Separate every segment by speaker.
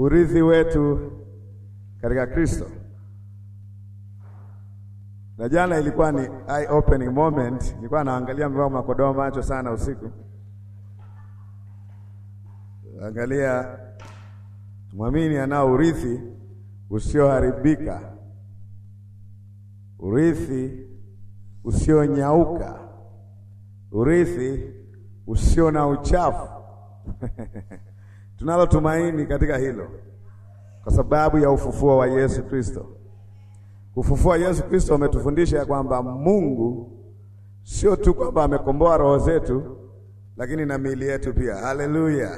Speaker 1: urithi wetu katika Kristo. Na jana ilikuwa ni eye opening moment, nilikuwa naangalia mbao makodoa macho sana usiku, angalia mwamini anao urithi usioharibika, urithi usionyauka, urithi usio na uchafu Tunalo tumaini katika hilo kwa sababu ya ufufuo wa Yesu Kristo. Ufufuo wa Yesu Kristo umetufundisha ya kwamba Mungu sio tu kwamba amekomboa roho zetu, lakini na miili yetu pia. Haleluya!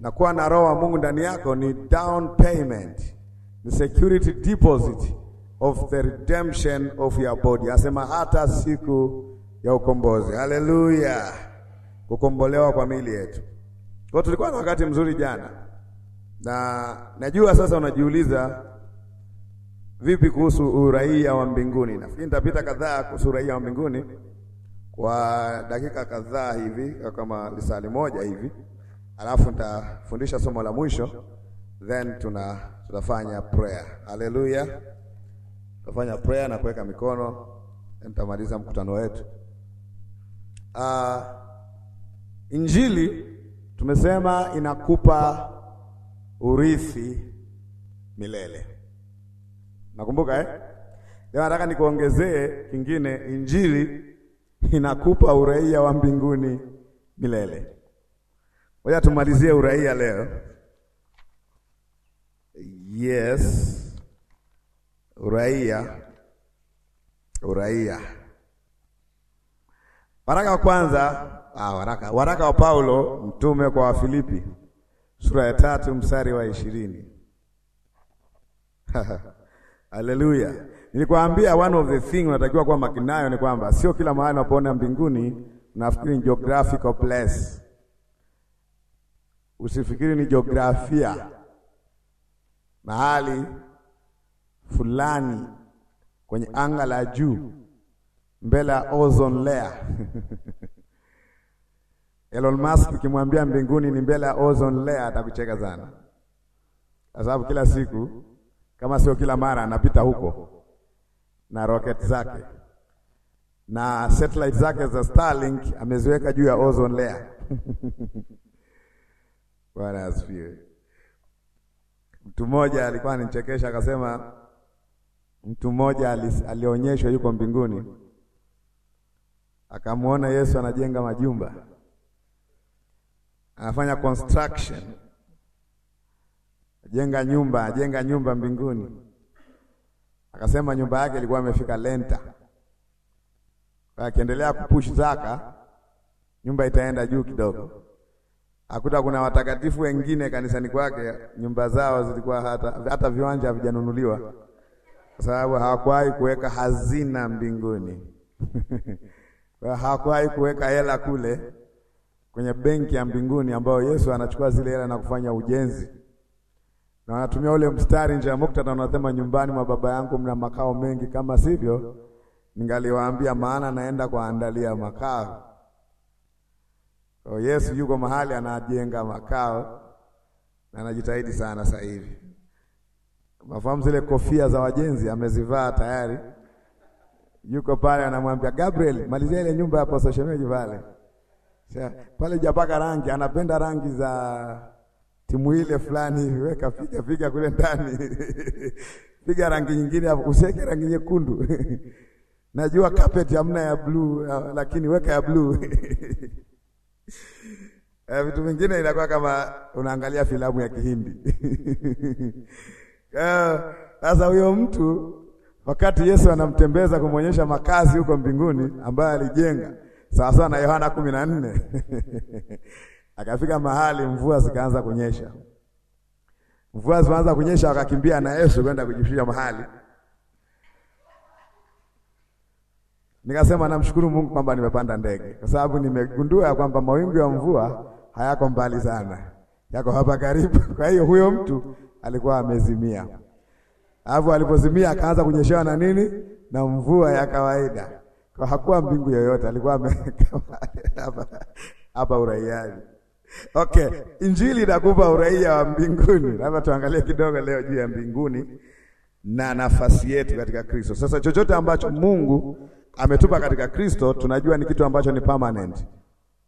Speaker 1: na kuwa na roho wa Mungu ndani yako ni down payment, ni security deposit of the redemption of your body. Asema hata siku ya ukombozi. Haleluya! kukombolewa kwa miili yetu kwa tulikuwa na wakati mzuri jana, na najua sasa unajiuliza vipi kuhusu uraia wa mbinguni. Nafikiri nitapita kadhaa kuhusu uraia wa mbinguni kwa dakika kadhaa hivi kama lisali moja hivi, alafu nitafundisha somo la mwisho, then tuna tutafanya prayer. Haleluya, tutafanya prayer na kuweka mikono, nitamaliza mkutano wetu. Uh, injili Tumesema inakupa urithi milele. Nakumbuka eh? Leo nataka nikuongezee kingine, injili inakupa uraia wa mbinguni milele. Ngoja tumalizie uraia leo. Yes. Uraia, uraia, baraka wa kwanza Ah, waraka waraka wa Paulo mtume kwa Wafilipi sura ya tatu mstari wa ishirini. Haleluya! Nilikwambia one of the thing unatakiwa kuwa makinayo ni kwamba sio kila mahali unapoona mbinguni unafikiri ni geographical place. Usifikiri ni jiografia, mahali fulani kwenye anga la juu mbele ya ozone layer Elon Musk ukimwambia mbinguni ni mbele ya ozone layer atakucheka sana, kwa sababu kila siku kama sio kila mara anapita huko na rocket zake na satellite zake za Starlink ameziweka juu ya ozone layer. Bwana asifiwe. Mtu mmoja alikuwa ananichekesha akasema, mtu mmoja alionyeshwa yuko mbinguni, akamwona Yesu anajenga majumba anafanya construction, jenga nyumba, jenga nyumba mbinguni. Akasema nyumba yake ilikuwa imefika lenta, akiendelea kupush zaka, nyumba itaenda juu kidogo. Akuta kuna watakatifu wengine kanisani kwake, nyumba zao zilikuwa hata, hata viwanja havijanunuliwa kwa sababu hawakuwahi kuweka hazina mbinguni hawakuwahi kuweka hela kule kwenye benki ya mbinguni ambayo Yesu anachukua zile hela na kufanya ujenzi, na wanatumia ule mstari nje ya muktadha, unasema nyumbani mwa Baba yangu mna makao mengi, kama sivyo ningaliwaambia, maana naenda kuandalia makao. Kwa Yesu yuko mahali anajenga makao na anajitahidi sana sasa hivi. Mafahamu zile kofia za wajenzi amezivaa tayari, yuko pale, anamwambia Gabriel, malizia ile nyumba hapo social media pale pale japaka rangi, anapenda rangi za timu ile fulani hivi, weka piga piga kule ndani piga rangi nyingine hapo, useke rangi nyekundu najua carpet hamna ya bluu, lakini weka ya bluu eh, vitu vingine inakuwa kama unaangalia filamu ya Kihindi. Eh, sasa huyo mtu wakati Yesu anamtembeza kumwonyesha makazi huko mbinguni ambayo alijenga sawa sawa na Yohana kumi na nne akafika mahali mvua zikaanza kunyesha, mvua zikaanza kunyesha, akakimbia na Yesu kwenda kujificha mahali. Nikasema namshukuru Mungu kwamba nimepanda ndege, kwa sababu nimegundua kwamba mawingu ya mvua hayako mbali sana, yako hapa karibu. Kwa hiyo huyo mtu alikuwa amezimia, alafu alipozimia akaanza kunyeshewa na nini, na mvua ya kawaida. Kwa hakuwa mbingu yoyote, alikuwa amekaa hapa uraiani. Okay, injili inakupa uraia wa mbinguni. Labda tuangalie kidogo leo juu ya mbinguni na nafasi yetu katika Kristo. Sasa chochote ambacho Mungu ametupa katika Kristo, tunajua ni kitu ambacho ni permanent.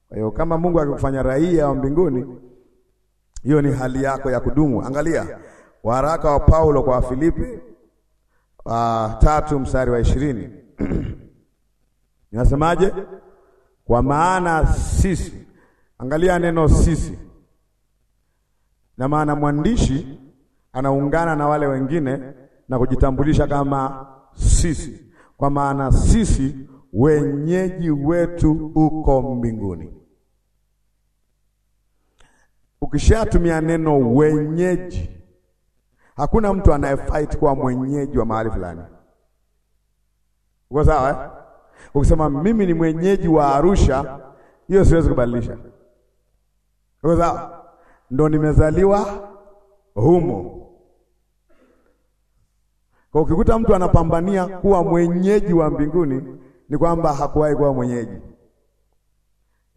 Speaker 1: Kwa hiyo kama Mungu akikufanya raia wa mbinguni, hiyo ni hali yako ya kudumu. Angalia waraka wa Paulo kwa Wafilipi wa ah, tatu mstari wa ishirini Ninasemaje? Kwa maana sisi, angalia neno sisi, na maana mwandishi anaungana na wale wengine na kujitambulisha kama sisi, kwa maana sisi wenyeji wetu uko mbinguni. Ukishatumia neno wenyeji, hakuna mtu anayefight kuwa mwenyeji wa mahali fulani. Uko sawa eh? Ukisema mimi ni mwenyeji wa Arusha, hiyo siwezi kubadilisha, kwa ndo nimezaliwa humo. Kwa ukikuta mtu anapambania kuwa mwenyeji wa mbinguni, ni kwamba hakuwahi kuwa mwenyeji.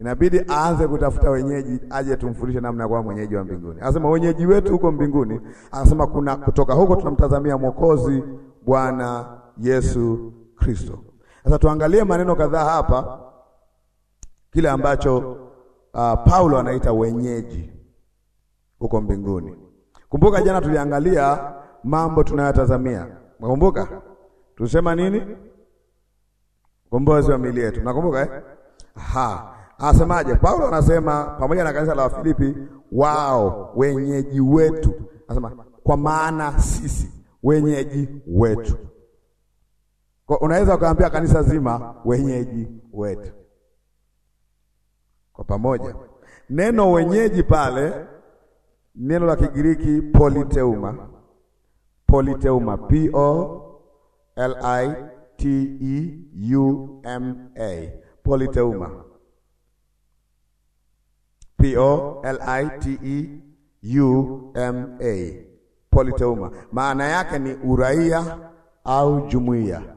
Speaker 1: Inabidi aanze kutafuta wenyeji, aje tumfundishe namna ya kuwa mwenyeji wa mbinguni. Anasema wenyeji wetu huko mbinguni, anasema kuna kutoka huko tunamtazamia Mwokozi Bwana Yesu Kristo. Sasa tuangalie maneno kadhaa hapa,
Speaker 2: kile ambacho uh, Paulo
Speaker 1: anaita wenyeji huko mbinguni. Kumbuka jana tuliangalia mambo tunayotazamia, nakumbuka tusema nini? Kombozi wa miili yetu, nakumbuka eh? Aha. Anasemaje? Paulo anasema pamoja na kanisa la Wafilipi, wao wenyeji wetu, anasema kwa maana sisi wenyeji wetu kwa unaweza ukaambia kanisa zima wenyeji wetu kwa pamoja. Neno wenyeji pale, neno la Kigiriki politeuma, politeuma, P O L I T E U M A, politeuma, P O L I T E U M A, politeuma, maana yake ni uraia au jumuiya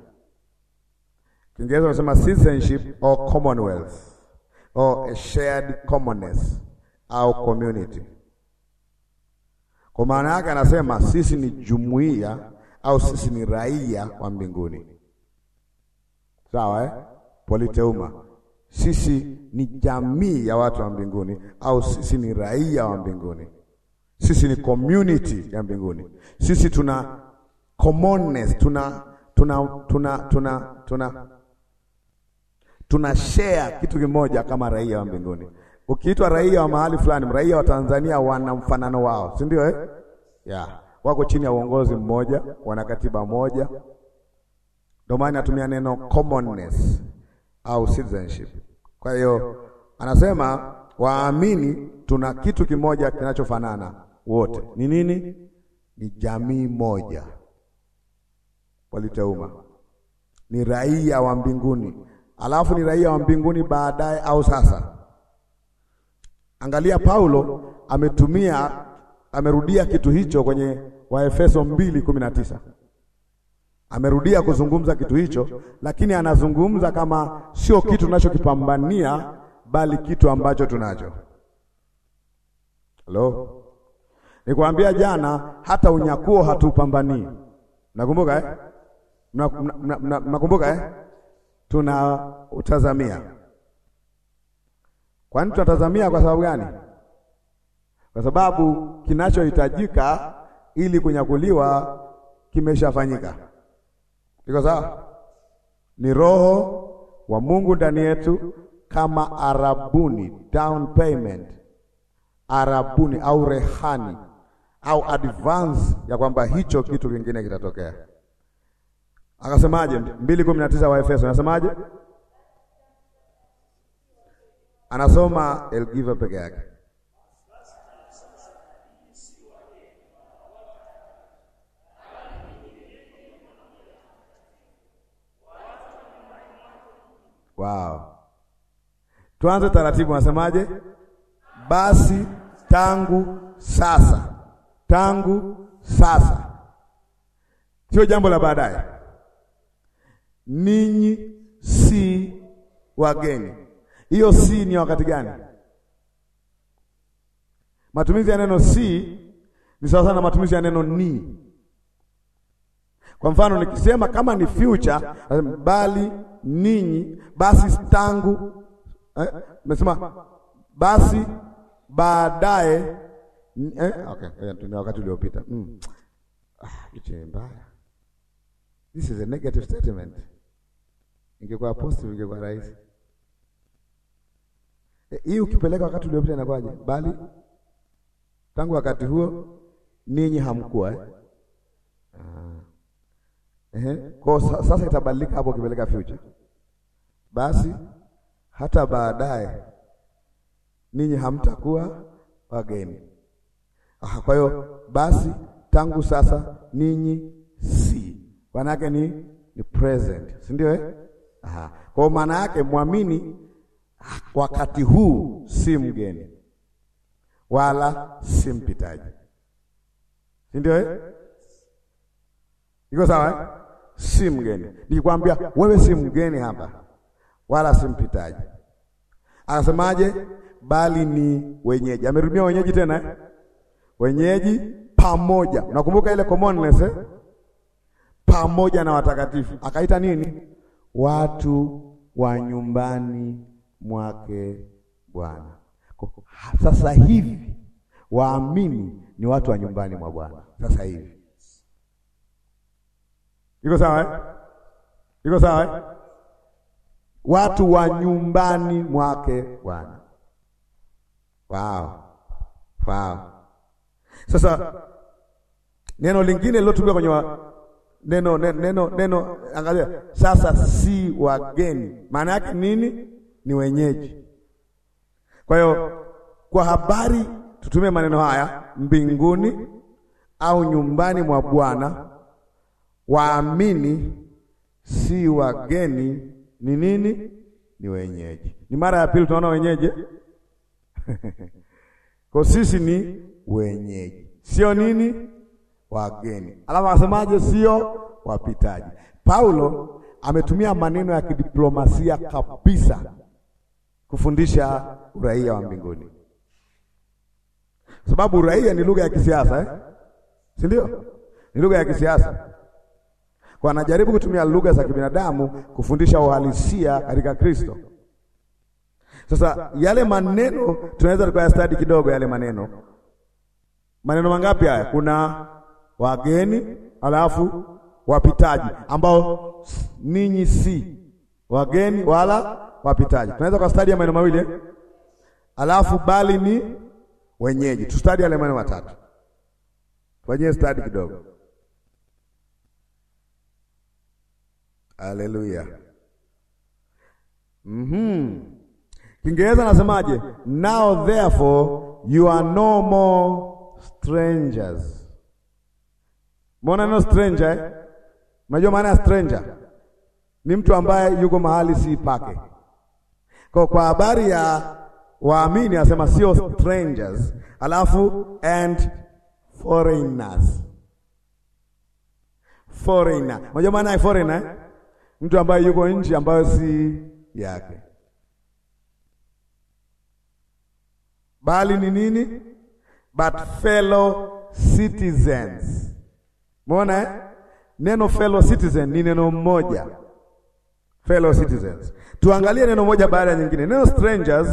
Speaker 1: Kiingereza wanasema citizenship or commonwealth or a shared commonness au community. Kwa maana yake anasema sisi ni jumuiya au sisi ni raia wa mbinguni, sawa eh? Politeuma, sisi ni jamii ya watu wa mbinguni, au sisi ni raia wa mbinguni, sisi ni community ya mbinguni, sisi tuna commonness, tuna tuna tuna tuna tuna tuna share kitu kimoja kama raia wa mbinguni. Ukiitwa raia wa mahali fulani, raia wa Tanzania wana mfanano wao, si ndio eh? Yeah. Wako chini ya uongozi mmoja, wana katiba moja, ndio maana natumia neno commonness au citizenship. Kwa hiyo
Speaker 2: anasema waamini tuna kitu kimoja
Speaker 1: kinachofanana wote, ni nini? Ni jamii moja waliteuma, ni raia wa mbinguni alafu ni raia wa mbinguni baadaye au sasa. Angalia Paulo ametumia amerudia kitu hicho kwenye Waefeso 2:19. Amerudia kuzungumza kitu hicho, lakini anazungumza kama sio kitu tunachokipambania, bali kitu ambacho tunacho. Halo, nikwambia jana, hata unyakuo hatupambanii. Nakumbuka eh? Mnakumbuka eh? tunautazamia. Kwa nini tunatazamia? Kwa sababu gani? Kwa sababu kinachohitajika ili kunyakuliwa kimeshafanyika. Iko sawa? Ni Roho wa Mungu ndani yetu kama arabuni, down payment, arabuni au rehani au advance ya kwamba hicho kitu kingine kitatokea. Akasemaje? 2:19 wa Efeso anasemaje? Anasoma Elgiva peke yake. Wow. Tuanze taratibu, anasemaje? Basi tangu sasa, tangu sasa, sio jambo la baadaye ninyi si wageni. Hiyo si ni wakati gani? Matumizi ya neno si ni sawa sana matumizi ya neno ni. Kwa mfano nikisema kama ni future, bali ninyi, basi tangu eh,
Speaker 2: basi baadaye eh, okay, tumia
Speaker 1: eh, wakati uliopita. Mm. Ah, this is a negative statement ingekuwa apostoli ingekuwa rahisi. Eh, hii ukipeleka wakati uliopita inakuwaje? Bali tangu wakati huo ninyi hamkuwa eh? Ah. Ehe, kwa sasa itabadilika hapo ukipeleka future. Basi hata baadaye ninyi hamtakuwa wageni. Ah, kwa hiyo basi tangu sasa ninyi si. Maana yake ni ni present, si ndio eh? Aha. Kwa maana yake mwamini wakati huu si mgeni wala si mpitaji, si ndio eh? Iko sawa eh? Si mgeni. Nikikwambia wewe si mgeni hapa wala si mpitaji, anasemaje? Bali ni wenyeji. Amerumia wenyeji tena eh? Wenyeji pamoja, unakumbuka ile commoneness eh? Pamoja na watakatifu akaita nini? watu wa nyumbani mwake Bwana. Sasa hivi waamini ni watu wa nyumbani mwa Bwana sasa hivi. Iko sawa eh? Iko sawa eh? Watu wa nyumbani mwake Bwana. Wow. Wow. Sasa neno lingine lilotumiwa kwenye neno neno neno, neno angalia sasa, si wageni. Maana yake nini? Ni wenyeji. Kwa hiyo kwa habari tutumie maneno haya, mbinguni au nyumbani mwa Bwana, waamini si wageni, ni nini? Ni
Speaker 2: wenyeji.
Speaker 1: Ni mara ya pili tunaona wenyeji kwa sisi ni wenyeji, sio nini wageni. Alafu akasemaje? Sio wapitaji. Paulo ametumia maneno ya kidiplomasia kabisa kufundisha uraia wa mbinguni, sababu uraia ni lugha ya kisiasa eh? si ndio? Ni lugha ya kisiasa kwa, anajaribu kutumia lugha za kibinadamu kufundisha uhalisia katika Kristo. Sasa yale maneno tunaweza tukaya stadi kidogo, yale maneno maneno mangapi haya? Kuna wageni, alafu wapitaji, ambao ninyi si wageni wala wapitaji. Tunaweza kwa stadi ya maneno mawili, eh? alafu bali ni wenyeji. Tustadi yale maneno matatu, kwenye stadi kidogo. Haleluya. Mhm. Kiingereza nasemaje? Now therefore you are no more strangers Mbona neno stranger eh? Unajua maana ya stranger? Ni mtu ambaye yuko mahali si pake. Kwa kwa habari ya waamini asema sio strangers, alafu and foreigners. Foreigner. Unajua maana ya foreigner eh? Mtu ambaye yuko nje ambayo si yake. Bali ni nini? But fellow citizens Umeona eh? Neno fellow citizen ni neno mmoja. Fellow citizens. Tuangalie neno moja baada ya nyingine. Neno strangers,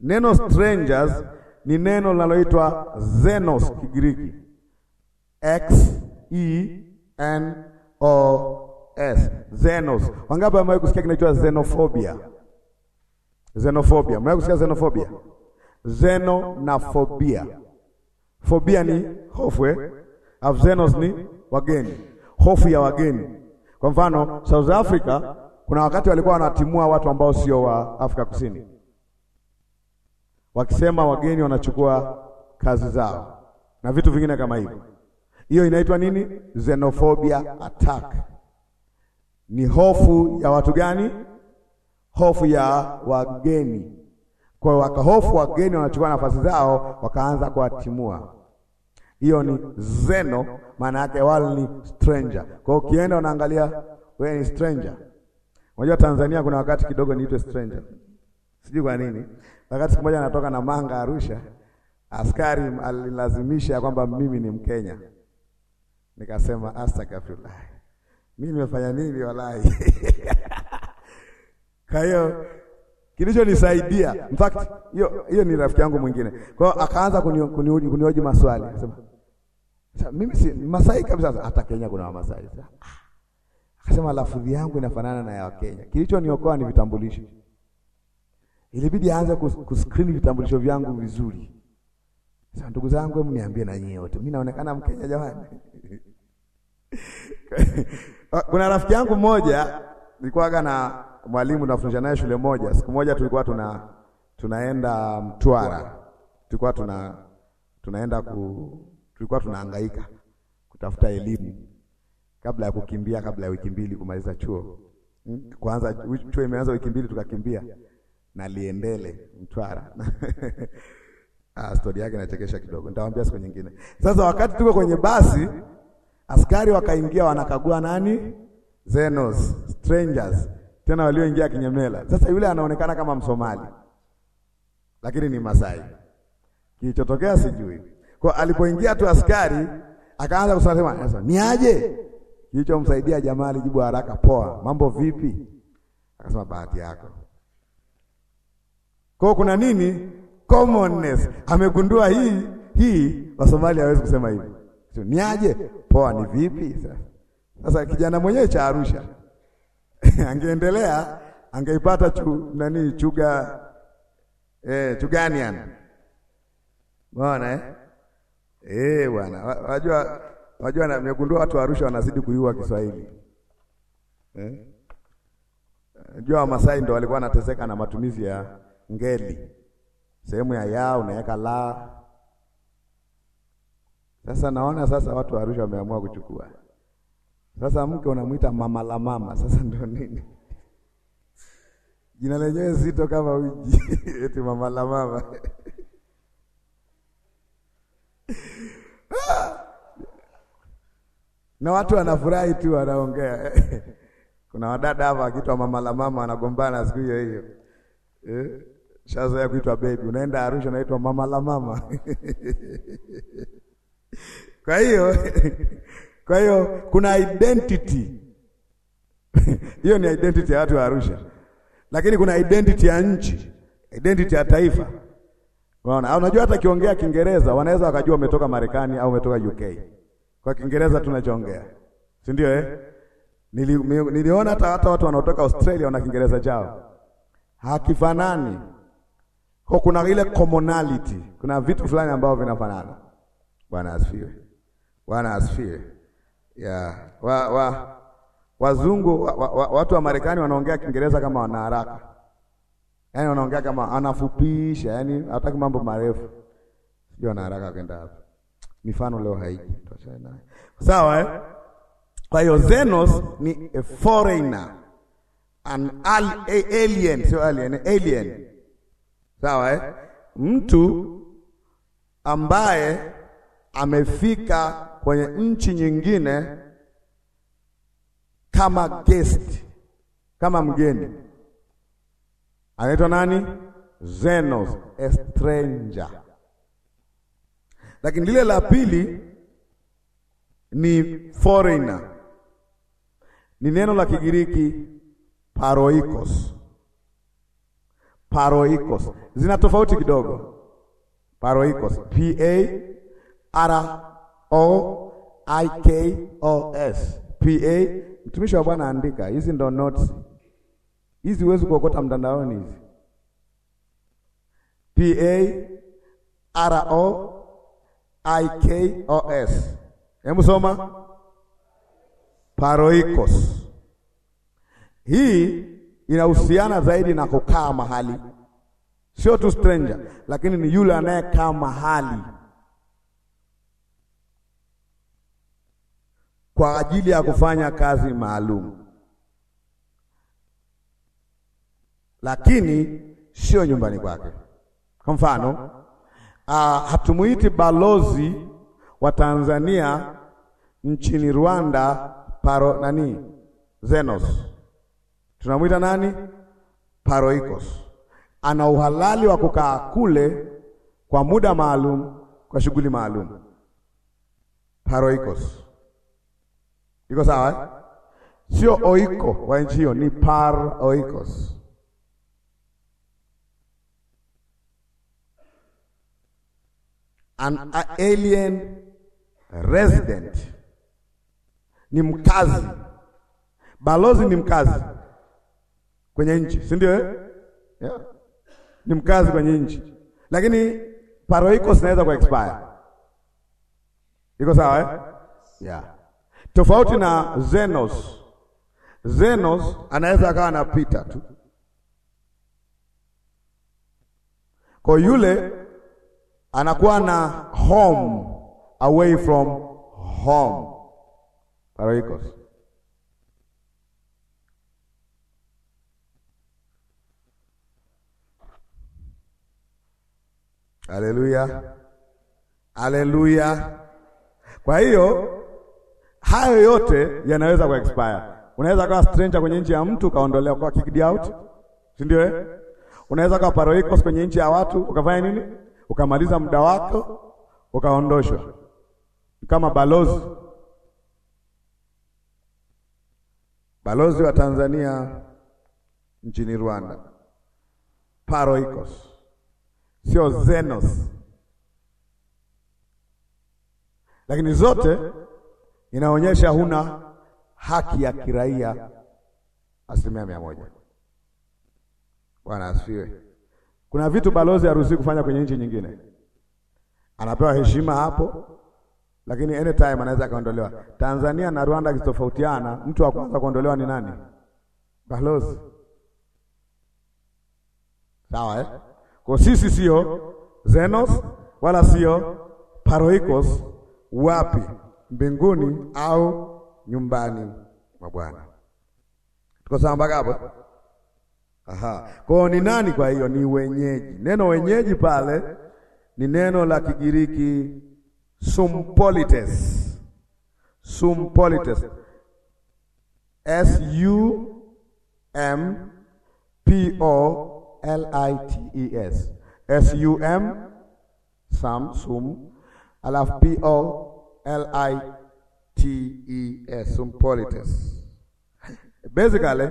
Speaker 1: neno strangers ni neno linaloitwa xenos Kigiriki, X E N O S, xenos. Wangapi wamewahi kusikia kinaitwa xenophobia? Xenophobia, mmewahi kusikia xenophobia? Xenophobia, xenophobia. Fobia ni hofu eh? Afzenos ni wageni, hofu ya wageni. Kwa mfano South Africa, kuna wakati walikuwa wanatimua watu ambao sio wa Afrika Kusini, wakisema wageni wanachukua kazi zao na vitu vingine kama hivyo. Hiyo inaitwa nini? Xenophobia attack. Ni hofu ya watu gani? Hofu ya wageni. Kwa hiyo wakahofu wageni wanachukua nafasi zao, wakaanza kuwatimua hiyo ni zeno, maana yake wale ni stranger. Kwa hiyo ukienda unaangalia wewe ni stranger. Unajua Tanzania kuna wakati kidogo niitwe stranger, sijui kwa nini. Wakati mmoja anatoka na manga Arusha, askari alilazimisha kwamba mimi ni Mkenya, nikasema astaghfirullah. mimi nimefanya nini walai? kwa hiyo kilichonisaidia in fact hiyo hiyo ni rafiki yangu mwingine, kwa hiyo akaanza kunioji maswali akasema sasa mimi si Masai kabisa, hata Kenya kuna Wamasai. Akasema lafudhi yangu inafanana na ya Wakenya. Kilichoniokoa ni vitambulisho. Ilibidi aanze kuscreen vitambulisho vyangu vizuri. Sasa ndugu zangu, hebu niambie na nyinyi wote, mimi naonekana Mkenya jamani? Ah, kuna rafiki yangu mmoja nilikuwa na mwalimu nafundisha naye shule moja. Siku moja tulikuwa tuna tunaenda Mtwara, tulikuwa tuna tunaenda ku tulikuwa tunahangaika kutafuta elimu kabla ya kukimbia, kabla ya wiki mbili kumaliza chuo. Kwanza chuo imeanza wiki mbili, tukakimbia na Liendele Mtwara. Ah, stori yake inachekesha kidogo, nitawaambia siku nyingine. Sasa wakati tuko kwenye basi, askari wakaingia, wanakagua nani, zenos strangers, tena walioingia kinyemela. Sasa yule anaonekana kama Msomali, lakini ni Masai. Kilichotokea sijui kwa alipoingia tu askari akaanza kusema sasa ni aje? niaje? msaidia jamaa alijibu haraka, poa, mambo vipi? Akasema bahati yako. Kwa kuna nini? Commonness. Amegundua hii hii, wa Somalia hawezi kusema hivi. Ni aje? Poa, ni vipi sasa? Sasa kijana mwenyewe cha Arusha angeendelea angeipata chu, nani chuga eh, chuganian. Unaona eh? Eh, bwana. Wajua wajua na nimegundua watu wa Arusha wanazidi kuiua Kiswahili. Eh? Jua Wamasai ndo walikuwa wanateseka na matumizi ya ngeli. Sehemu ya ya unaweka la. Sasa naona sasa watu wa Arusha wameamua kuchukua. Sasa mke unamuita mama la mama, sasa ndio nini? Jina lenyewe zito kama uji, eti mama la mama. na watu wanafurahi tu, wanaongea kuna wadada hapa akitwa mama la mama anagombana siku hiyo hiyo eh? Shaza ya kuitwa baby, unaenda Arusha naitwa mama la mama kwa hiyo kwa hiyo kuna identity hiyo ni identity ya watu wa Arusha, lakini kuna identity ya nchi, identity ya taifa. Unaona? Au Unajua hata kiongea Kiingereza wanaweza wakajua umetoka Marekani au umetoka UK. Kwa Kiingereza tunachoongea. Si ndio eh? Nili, mi, niliona hata hata watu wanaotoka Australia wana Kiingereza chao. Hakifanani. Kwa kuna ile commonality. Kuna vitu fulani ambavyo vinafanana. Bwana asifiwe. Bwana asifiwe. Yeah. Wa, wa, wazungu wa, wa, watu wa Marekani wanaongea Kiingereza kama wanaharaka. Yaani wanaongea kama anafupisha, yaani hataki mambo marefu. Sio na haraka kwenda hapo. Mifano leo haiji. Sawa eh? Kwa hiyo Zenos ni a foreigner. An al alien, sio alien, alien. Sawa eh? Mtu ambaye amefika kwenye nchi nyingine kama guest, kama mgeni anaitwa nani? Zenos, a stranger. Lakini lile la pili ni foreigner, ni neno la Kigiriki paroikos. Paroikos zina tofauti kidogo. Paroikos, P A R O I K O S, P A. Mtumishi wa Bwana andika hizi, ndo notes hizi huwezi kuokota mtandaoni hizi P A R O I K O S. Hebu soma paroikos. Hii inahusiana zaidi na kukaa mahali, sio tu stranger, lakini ni yule anayekaa mahali kwa ajili ya kufanya kazi maalum. lakini sio nyumbani kwake. Kwa mfano uh, hatumuiti balozi wa Tanzania nchini Rwanda paro nani Zenos, tunamwita nani paroikos. Ana uhalali wa kukaa kule kwa muda maalum kwa shughuli maalum paroikos. Iko sawa? Eh? Sio oiko wa nchi hiyo, ni paroikos. an alien resident, ni mkazi. Balozi ni mkazi kwenye nchi, si ndio? Eh? Yeah. Ni mkazi kwenye nchi, lakini paroiko zinaweza ku expire. Iko sawa eh? Yeah. Tofauti na zenos. Zenos anaweza akawa anapita tu kwa yule anakuwa na home away from home Paraikos. Haleluya, haleluya. Kwa hiyo hayo yote yanaweza ku expire. Unaweza kawa stranger kwenye nchi ya mtu ukaondolewa, kwa kicked out, si ndio? Eh, unaweza kuwa paraikos kwenye nchi ya watu ukafanya nini? ukamaliza muda wako ukaondoshwa, kama balozi balozi wa Tanzania nchini Rwanda, paroikos, sio zenos, lakini zote
Speaker 2: inaonyesha huna haki ya kiraia
Speaker 1: asilimia mia moja. Bwana asifiwe. Kuna vitu balozi haruhusiwi kufanya kwenye nchi nyingine, anapewa heshima hapo, lakini anytime anaweza akaondolewa. Tanzania na Rwanda kitofautiana, mtu wa kwanza kuondolewa ni nani? Balozi. Sawa, eh? Kwa sisi sio Zenos wala sio Paroikos. Wapi? Mbinguni au nyumbani mwa Bwana. Tuko sawa mpaka hapo? Aha. Kwao ni nani? Kwa hiyo ni wenyeji. Neno wenyeji pale ni neno la Kigiriki sumpolites. Sumpolites. S U M P O L I T E S. S U M sam sum alafu P O L I T E S. Sumpolites. Basically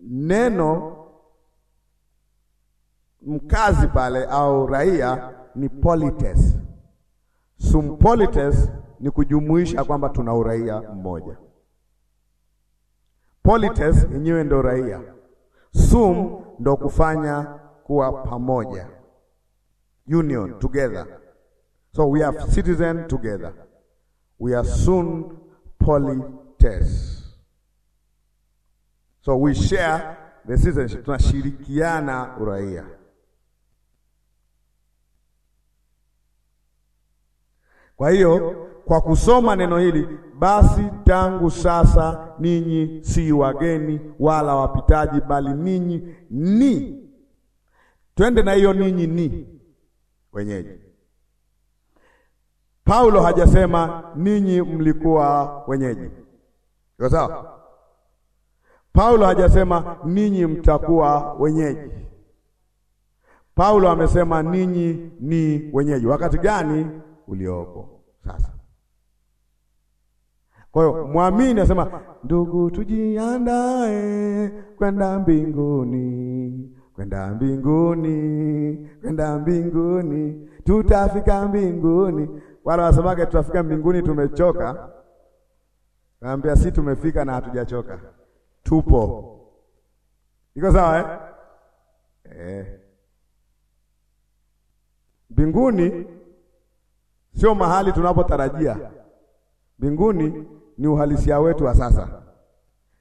Speaker 1: neno mkazi pale au raia ni polites. Sum polites ni kujumuisha kwamba tuna uraia mmoja. Polites yenyewe ndo raia, sum ndo kufanya kuwa pamoja, union together. So we are citizen together, we are soon polites. So we share the citizenship, tunashirikiana uraia. Kwa hiyo kwa kusoma neno hili basi, tangu sasa ninyi si wageni wala wapitaji, bali ninyi ni, twende na hiyo ninyi ni wenyeji. Paulo hajasema ninyi mlikuwa wenyeji, iko sawa? Paulo hajasema ninyi mtakuwa wenyeji. Paulo amesema ninyi ni wenyeji. Wakati gani uliopo sasa? Kwa hiyo mwamini asema, ndugu, tujiandae kwenda mbinguni, kwenda mbinguni, kwenda mbinguni, tutafika mbinguni. Wala wasemake tutafika mbinguni tumechoka, naambia si tumefika na hatujachoka tupo. Iko sawa eh? Eh. Mbinguni sio mahali tunapotarajia. Mbinguni ni uhalisia wetu wa sasa.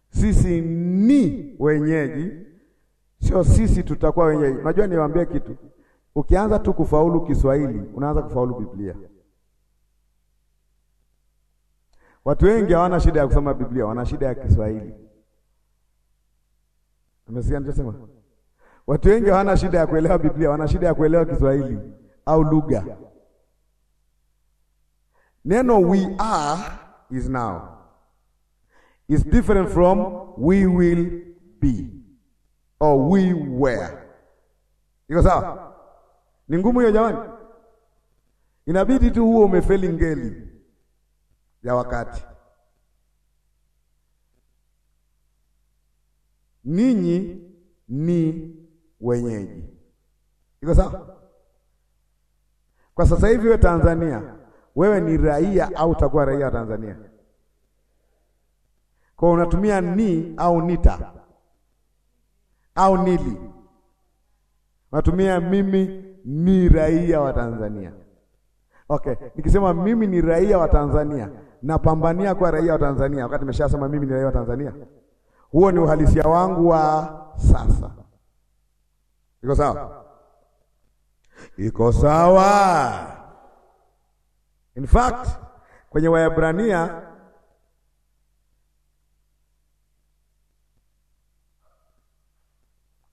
Speaker 1: Sisi ni wenyeji, sio sisi tutakuwa wenyeji. najua niwaambie kitu, ukianza tu kufaulu Kiswahili unaanza kufaulu Biblia. Watu wengi hawana shida ya kusoma Biblia, wana shida ya Kiswahili. Umesikia nichosema? Watu wengi hawana shida ya kuelewa Biblia, wana shida ya kuelewa Kiswahili au lugha. Neno we are is now is different from we will be or we were. Iko sawa? Ni ngumu hiyo jamani, inabidi tu huo umefeli ngeli ya wakati ninyi ni wenyeji. Iko sawa? Kwa sasa hivi wewe Tanzania, wewe ni raia au utakuwa raia wa Tanzania? Kwa unatumia ni au nita au nili, unatumia mimi ni raia wa Tanzania. Okay, nikisema mimi ni raia wa Tanzania napambania kwa raia wa Tanzania wakati nimeshasema mimi ni raia wa Tanzania. Huo ni uhalisia wangu wa sasa. Iko sawa? Iko sawa. In fact, kwenye Waebrania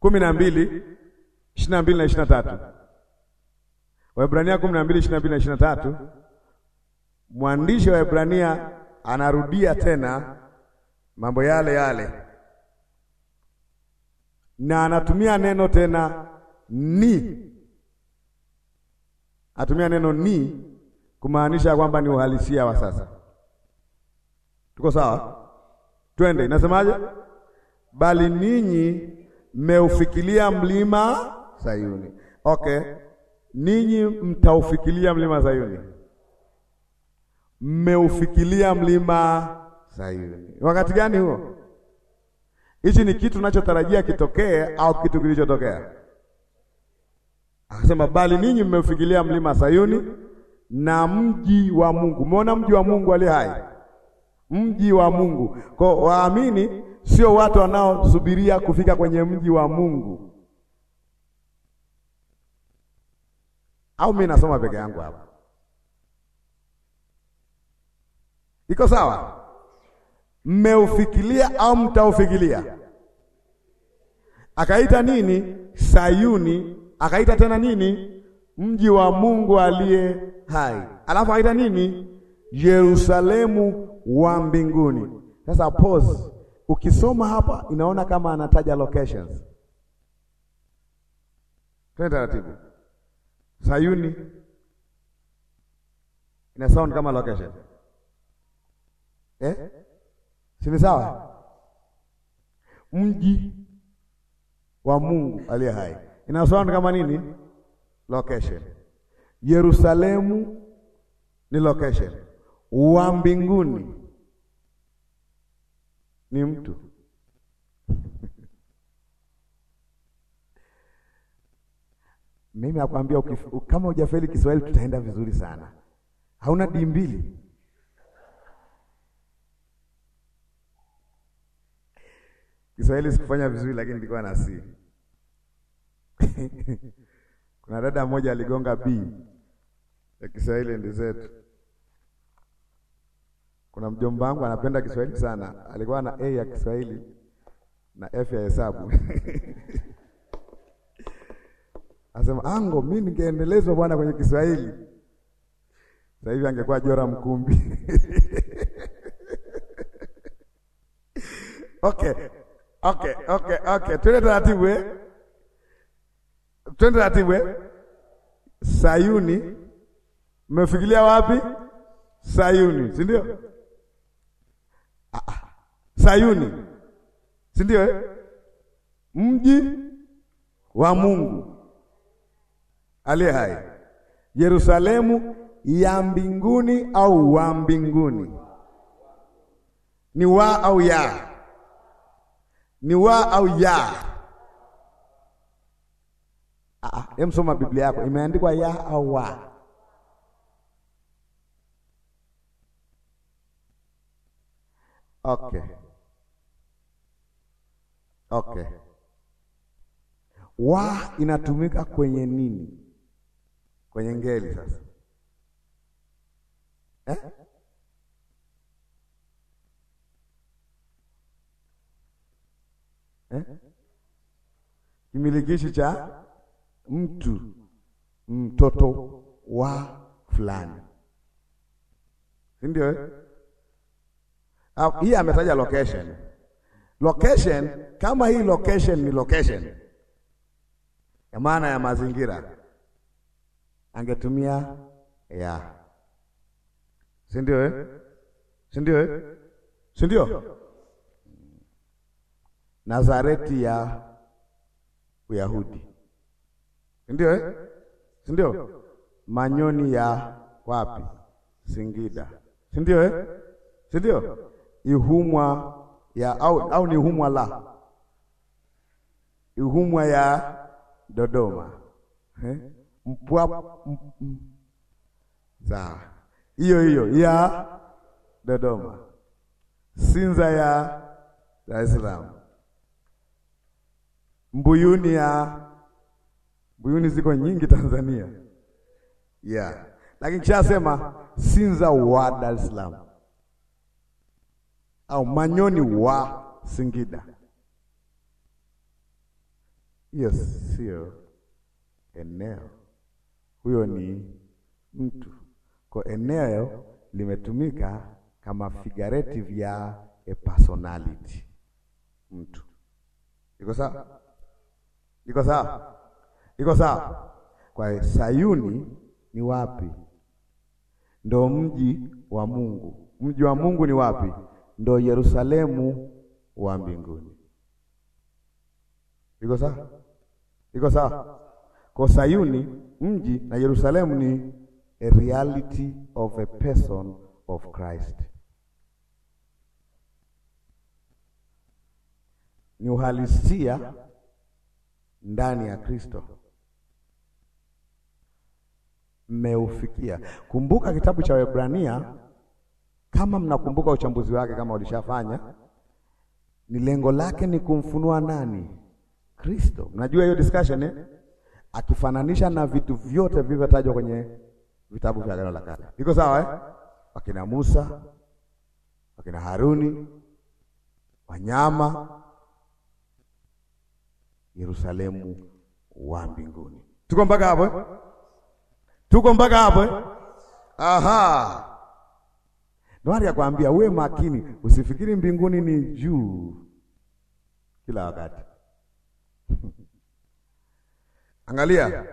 Speaker 1: kumi na mbili ishirini na mbili na ishirini na tatu Waebrania kumi na mbili ishirini na mbili na ishirini na tatu mwandishi wa Waebrania anarudia tena mambo yale yale na anatumia neno tena ni, atumia neno ni kumaanisha kwamba ni uhalisia wa sasa. Tuko sawa? Twende, inasemaje? Bali ninyi mmeufikilia mlima Sayuni. Okay, ninyi mtaufikilia mlima Sayuni, mmeufikilia mlima Sayuni wakati gani huo? hichi ni kitu tunachotarajia kitokee au kitu kilichotokea? Akasema, bali ninyi mmeufikilia mlima Sayuni na mji wa Mungu. Umeona mji wa Mungu ali hai, mji wa Mungu. Kwa waamini sio watu wanaosubiria kufika kwenye mji wa Mungu. Au mimi nasoma peke yangu hapa, iko sawa? mmeufikilia au mtaufikilia. Akaita nini? Sayuni, akaita tena nini? Mji wa Mungu aliye hai, alafu akaita nini? Yerusalemu wa mbinguni. Sasa pause, ukisoma hapa inaona kama anataja locations. Twende taratibu. Sayuni ina sound kama location eh? Sini sawa?
Speaker 2: Mji
Speaker 1: wa Mungu aliye hai inasound kama nini? Location. Yerusalemu ni location, wa mbinguni ni mtu mimi nakwambia, kama hujafeli Kiswahili tutaenda vizuri sana. Hauna di mbili Kiswahili sikufanya vizuri, lakini nilikuwa na C. Kuna dada mmoja aligonga B ya Kiswahili ndi zetu. Kuna mjomba wangu anapenda Kiswahili sana, alikuwa na A ya Kiswahili na F ya hesabu Anasema ango, mimi ningeendelezwa bwana kwenye Kiswahili sasa hivi angekuwa Jora Mkumbi. Okay. Okay, okay, okay. Twende taratibu eh. Twende taratibu eh. Sayuni mmefikiria wapi? Sayuni, si ndio? Ah, ah. Sayuni. Si ndio eh? Mji wa Mungu aliye hai, Yerusalemu ya mbinguni au wa mbinguni? Ni wa au ya? ni wa au ya? Ah, ah emsoma Biblia yako imeandikwa ya au wa? Okay. Okay. Wa inatumika kwenye nini? Kwenye ngeli sasa. Eh? Eh? Kimilikishi cha mtu, mtoto wa fulani, si ndio eh? Hii ametaja location. Location kama hii location ni location ya maana ya mazingira, angetumia ya, si ndio eh? si ndio eh? si ndio Nazareti ya Uyahudi, sindio eh? Sindio, manyoni ya wapi? Singida, sindio eh? Sindio, ihumwa ya au, au ni ihumwa la ihumwa ya Dodoma eh? Mpwa za hiyo hiyo ya Dodoma, Sinza ya Dar es Salaam mbuyuni ya mbuyuni ziko nyingi Tanzania, yeah, lakini sema Sinza wa Dar es Salaam au Manyoni wa Singida, hiyo sio eneo, huyo ni mtu. Kwa eneo limetumika kama figurative ya a personality, mtu. Iko sawa? Iko sawa? Iko sawa? Kwa hiyo Sayuni ni wapi? Ndo mji wa Mungu. Mji wa Mungu ni wapi? Ndo Yerusalemu wa mbinguni. Iko sawa? Iko sawa? Kwa Sayuni mji na Yerusalemu ni a reality of a person of Christ. Ni uhalisia ndani ya Kristo mmeufikia. Kumbuka kitabu cha Waebrania, kama mnakumbuka uchambuzi wake, kama ulishafanya, ni lengo lake ni kumfunua nani? Kristo. Mnajua hiyo discussion eh? Akifananisha na vitu vyote vilivyotajwa kwenye vitabu vya Agano la Kale, iko sawa eh? Wakina Musa, wakina Haruni, wanyama Yerusalemu wa mbinguni. Tuko mpaka hapo eh? Tuko mpaka hapo eh? Aha. Ndio ya uwe makini, usifikiri mbinguni ni juu kila wakati. Angalia.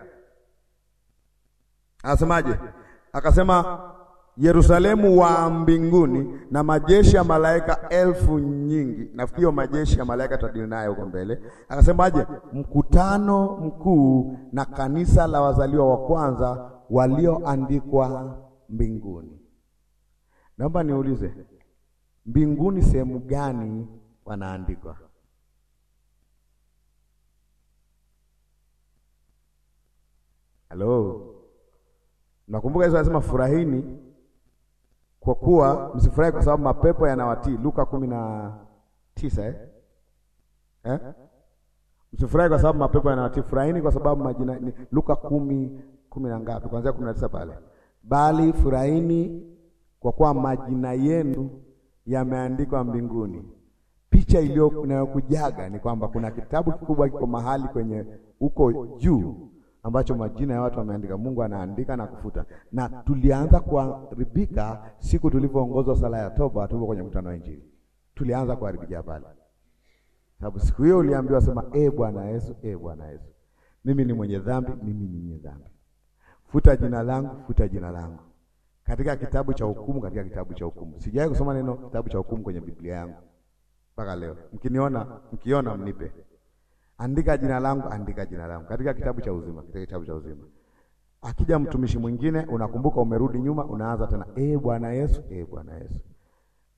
Speaker 1: Anasemaje? Akasema Yerusalemu wa mbinguni na majeshi ya malaika elfu nyingi. Nafikiri hiyo majeshi ya malaika tutadili nayo huko mbele. Akasemaje? Mkutano mkuu na kanisa la wazaliwa wa kwanza walioandikwa mbinguni. Naomba niulize, mbinguni sehemu gani wanaandikwa? Halo, nakumbuka Yesu anasema furahini kwa kuwa msifurahi kwa sababu mapepo yanawatii. Luka kumi na tisa eh? Eh? Msifurahi kwa sababu mapepo yanawatii, furahini kwa sababu majina. Luka kumi kumi na ngapi, kuanzia kumi na tisa pale, bali furahini kwa kuwa majina yenu yameandikwa mbinguni. Picha iliyo inayokujaga ni kwamba kuna kitabu kikubwa kiko mahali kwenye huko juu ambacho majina ya watu wameandika. Mungu anaandika na kufuta, na tulianza kuharibika siku tulivyoongozwa sala ya toba, tulipo kwenye mkutano wa Injili, tulianza kuharibika pale, sababu siku hiyo uliambiwa sema, e Bwana Yesu, e Bwana Yesu, mimi ni mwenye dhambi, mimi ni mwenye dhambi, futa jina langu, futa jina langu katika kitabu cha hukumu, katika kitabu cha hukumu. Sijawahi kusoma neno kitabu cha hukumu kwenye Biblia yangu mpaka leo. Mkiniona, mkiona mnipe andika jina langu, andika jina langu katika kitabu cha uzima, katika kitabu cha uzima. Akija mtumishi mwingine, unakumbuka umerudi nyuma, unaanza tena, e Bwana Yesu, e Bwana Yesu.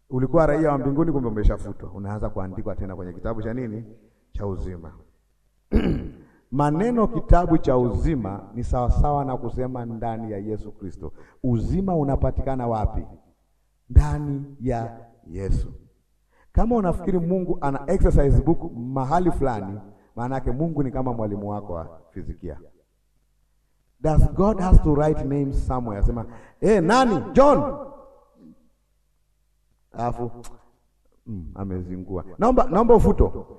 Speaker 1: Ulikuwa raia wa mbinguni, kumbe umeshafutwa, unaanza kuandikwa tena kwenye kitabu cha nini? Cha uzima. Maneno kitabu cha uzima ni sawasawa na kusema ndani ya Yesu Kristo. Uzima unapatikana wapi? Ndani ya Yesu. Kama unafikiri Mungu ana exercise book mahali fulani, maana yake Mungu ni kama mwalimu wako wa fizikia. Does God has to write names somewhere? Asema eh, nani? John. Alafu mm, amezingua. Naomba naomba ufuto.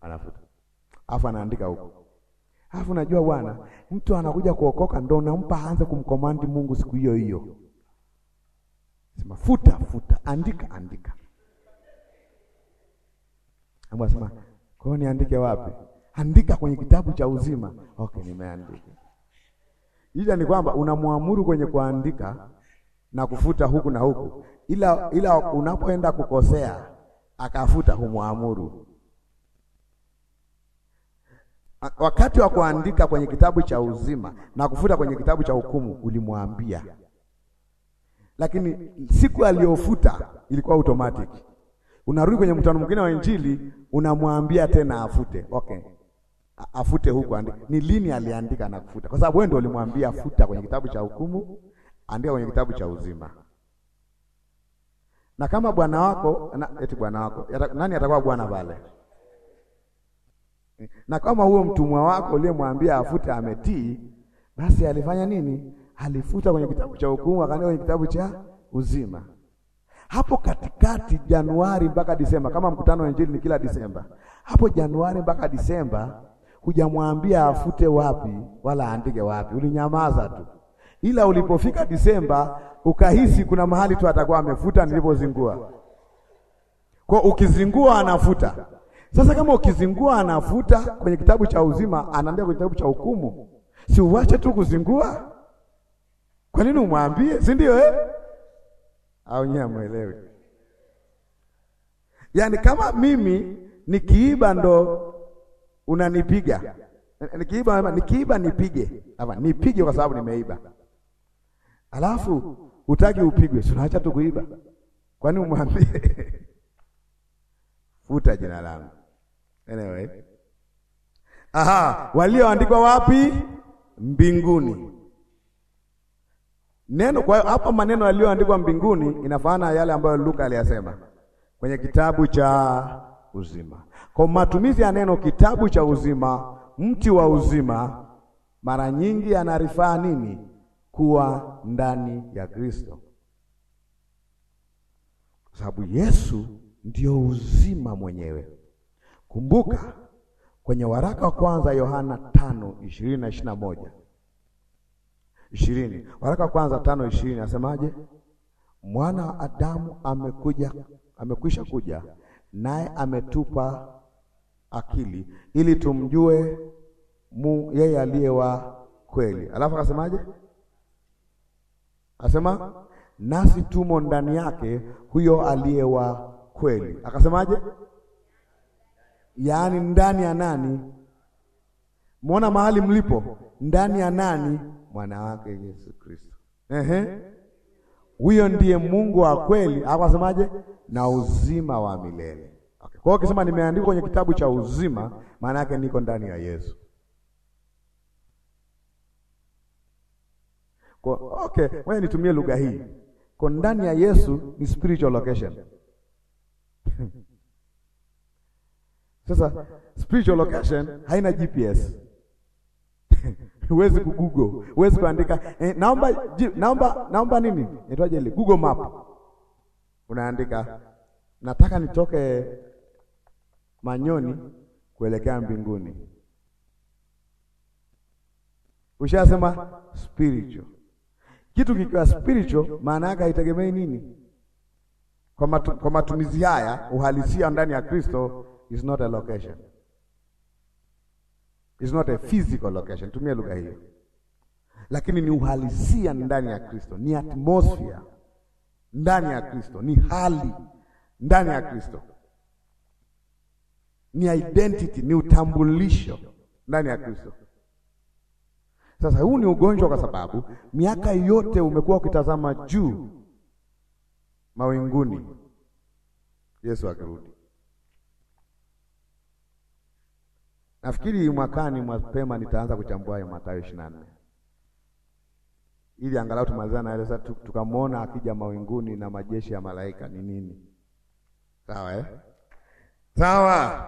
Speaker 1: Anafuta. Alafu anaandika huko. Alafu najua bwana, mtu anakuja kuokoka ndio nampa aanze kumkomandi Mungu siku hiyo hiyo. Sema futa futa, andika andika. Amwasema, sema kwa hiyo niandike wapi? Andika kwenye kitabu cha uzima. Okay, nimeandika. Ila ni kwamba unamwamuru kwenye kuandika na kufuta huku na huku, ila ila unapoenda kukosea akafuta humwamuru. Wakati wa kuandika kwenye kitabu cha uzima na kufuta kwenye kitabu cha hukumu ulimwambia, lakini siku aliyofuta ilikuwa automatic. Unarudi kwenye mkutano mwingine wa Injili, unamwambia tena afute. Okay, afute huko andika. Ni lini aliandika na kufuta? Kwa sababu wewe ndio ulimwambia futa kwenye kitabu cha hukumu, andika kwenye kitabu cha uzima. Na kama bwana wako na, eti bwana wako yata, nani atakuwa bwana pale? Na kama huo mtumwa wako uliyemwambia afute ametii, basi alifanya nini? Alifuta kwenye kitabu cha hukumu, akaandika kwenye kitabu cha uzima hapo katikati Januari mpaka Disemba, kama mkutano wa injili ni kila Disemba, hapo Januari mpaka Disemba hujamwambia afute wapi wala aandike wapi, ulinyamaza tu, ila ulipofika Disemba ukahisi kuna mahali tu atakuwa amefuta nilipozingua. Kwa ukizingua anafuta. Sasa kama ukizingua anafuta, kwenye kitabu cha uzima anaambia, kwenye kitabu cha hukumu, si uwache tu kuzingua? Kwa nini umwambie, si ndio eh? au nyinyi hamwelewi? Yaani kama mimi nikiiba ndo unanipiga, nikiiba nikiiba nipige, hapa nipige kwa sababu nimeiba, alafu utaki upigwe, tunaacha tu kuiba. Kwani umwambie futa jina langu? Anyway, aha, walioandikwa wapi? Mbinguni. Neno kwa hapa maneno yaliyoandikwa mbinguni inafanana yale ambayo Luka aliyasema kwenye kitabu cha uzima. Kwa matumizi ya neno kitabu cha uzima, mti wa uzima, mara nyingi anarifaa nini? Kuwa ndani ya Kristo, kwa sababu Yesu ndio uzima mwenyewe. Kumbuka kwenye waraka wa kwanza Yohana 5:20 na ishirini waraka wa kwanza tano ishirini asemaje? Mwana wa Adamu amekuja, amekwisha kuja naye ametupa akili ili tumjue mu yeye aliye wa kweli. Alafu akasemaje? Asema nasi tumo ndani yake huyo aliye wa kweli. Akasemaje? Yaani ndani ya nani? Muona mahali mlipo ndani ya nani? mwana wake Yesu Kristo. Ehe, huyo ndiye Mungu wa kweli, akwasemaje? Na uzima wa milele. Okay. Kwa hiyo ukisema nimeandikwa kwenye kitabu cha uzima, maana yake niko ndani ya Yesu. Kwa okay, wewe nitumie lugha hii. Kwa ndani ya Yesu ni spiritual location. Sasa spiritual location haina GPS. Huwezi Google, huwezi kuandika eh, naomba naomba naomba nini? Inaitwaje ile Google Map. Unaandika nataka nitoke Manyoni kuelekea mbinguni. Ushasema spiritual. Kitu kikiwa spiritual maana yake haitegemei nini? Kwa matu, kwa matumizi haya uhalisia ndani ya Kristo is not a location is not a physical location, tumia lugha hiyo, lakini ni uhalisia ndani ya Kristo, ni atmosphere ndani ya Kristo, ni hali ndani ya Kristo, ni identity, ni utambulisho ndani ya Kristo. Sasa huu ni ugonjwa, kwa sababu miaka yote umekuwa ukitazama juu mawinguni Yesu akirudi Nafikiri mwakani mapema nitaanza kuchambua Mathayo 24 ili angalau tumalizane na ile tukamwona akija mawinguni na majeshi ya malaika ni nini. Sawa eh? Sawa.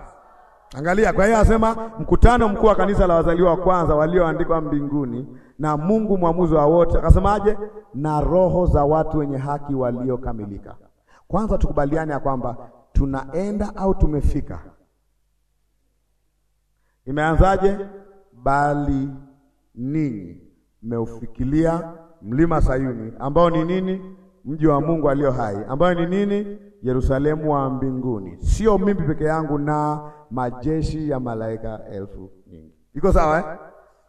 Speaker 1: Angalia, kwa hiyo anasema mkutano mkuu wa kanisa la wazaliwa wa kwanza walioandikwa mbinguni na Mungu mwamuzi wa wote akasemaje? Na roho za watu wenye haki waliokamilika. Kwanza tukubaliane ya kwamba tunaenda au tumefika Imeanzaje? Bali ninyi mmeufikilia mlima Sayuni, ambao ni nini? Mji wa Mungu alio hai, ambayo ni nini? Yerusalemu wa mbinguni, sio mimi peke yangu na majeshi ya malaika elfu nyingi. Iko sawa eh?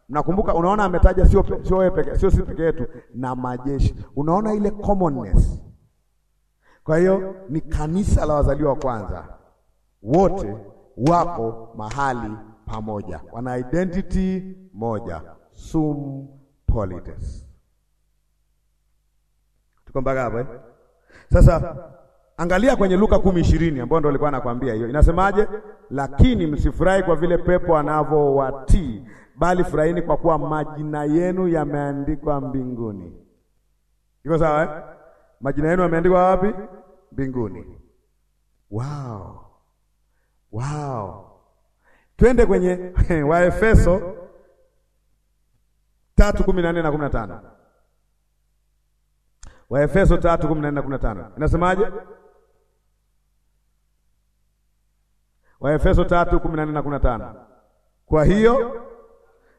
Speaker 1: Mnakumbuka, unaona ametaja sio sio wewe peke, sio sisi peke yetu na majeshi. Unaona ile commonness. Kwa hiyo ni kanisa la wazaliwa wa kwanza, wote wako mahali pamoja, wana identity moja, sum polites. Tuko mpaka hapo eh? Sasa angalia kwenye Luka kumi ishirini ambayo ndo alikuwa anakuambia hiyo, inasemaje? Lakini msifurahi kwa vile pepo anavyowatii, bali furahini kwa kuwa majina yenu yameandikwa mbinguni. Iko sawa eh? Majina yenu yameandikwa wapi? Mbinguni. Wow. Wow. Twende kwenye Waefeso 3:14 na 15. Waefeso tatu na inasemaje? Waefeso tatu na Kwa hiyo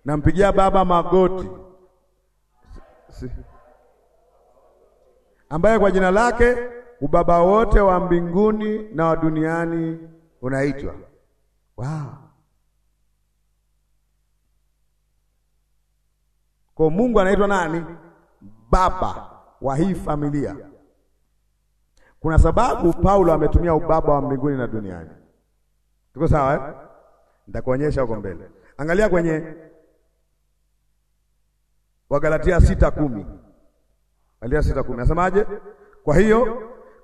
Speaker 1: nampigia Baba magoti ambaye kwa jina lake ubaba wote wa mbinguni na wa duniani unaitwa. Wow. Kwa Mungu anaitwa nani? Baba wa hii familia. Kuna sababu Paulo ametumia ubaba wa mbinguni na duniani. Tuko sawa eh? Nitakuonyesha huko mbele. Angalia kwenye Wagalatia sita kumi. Galatia sita kumi Kwa hiyo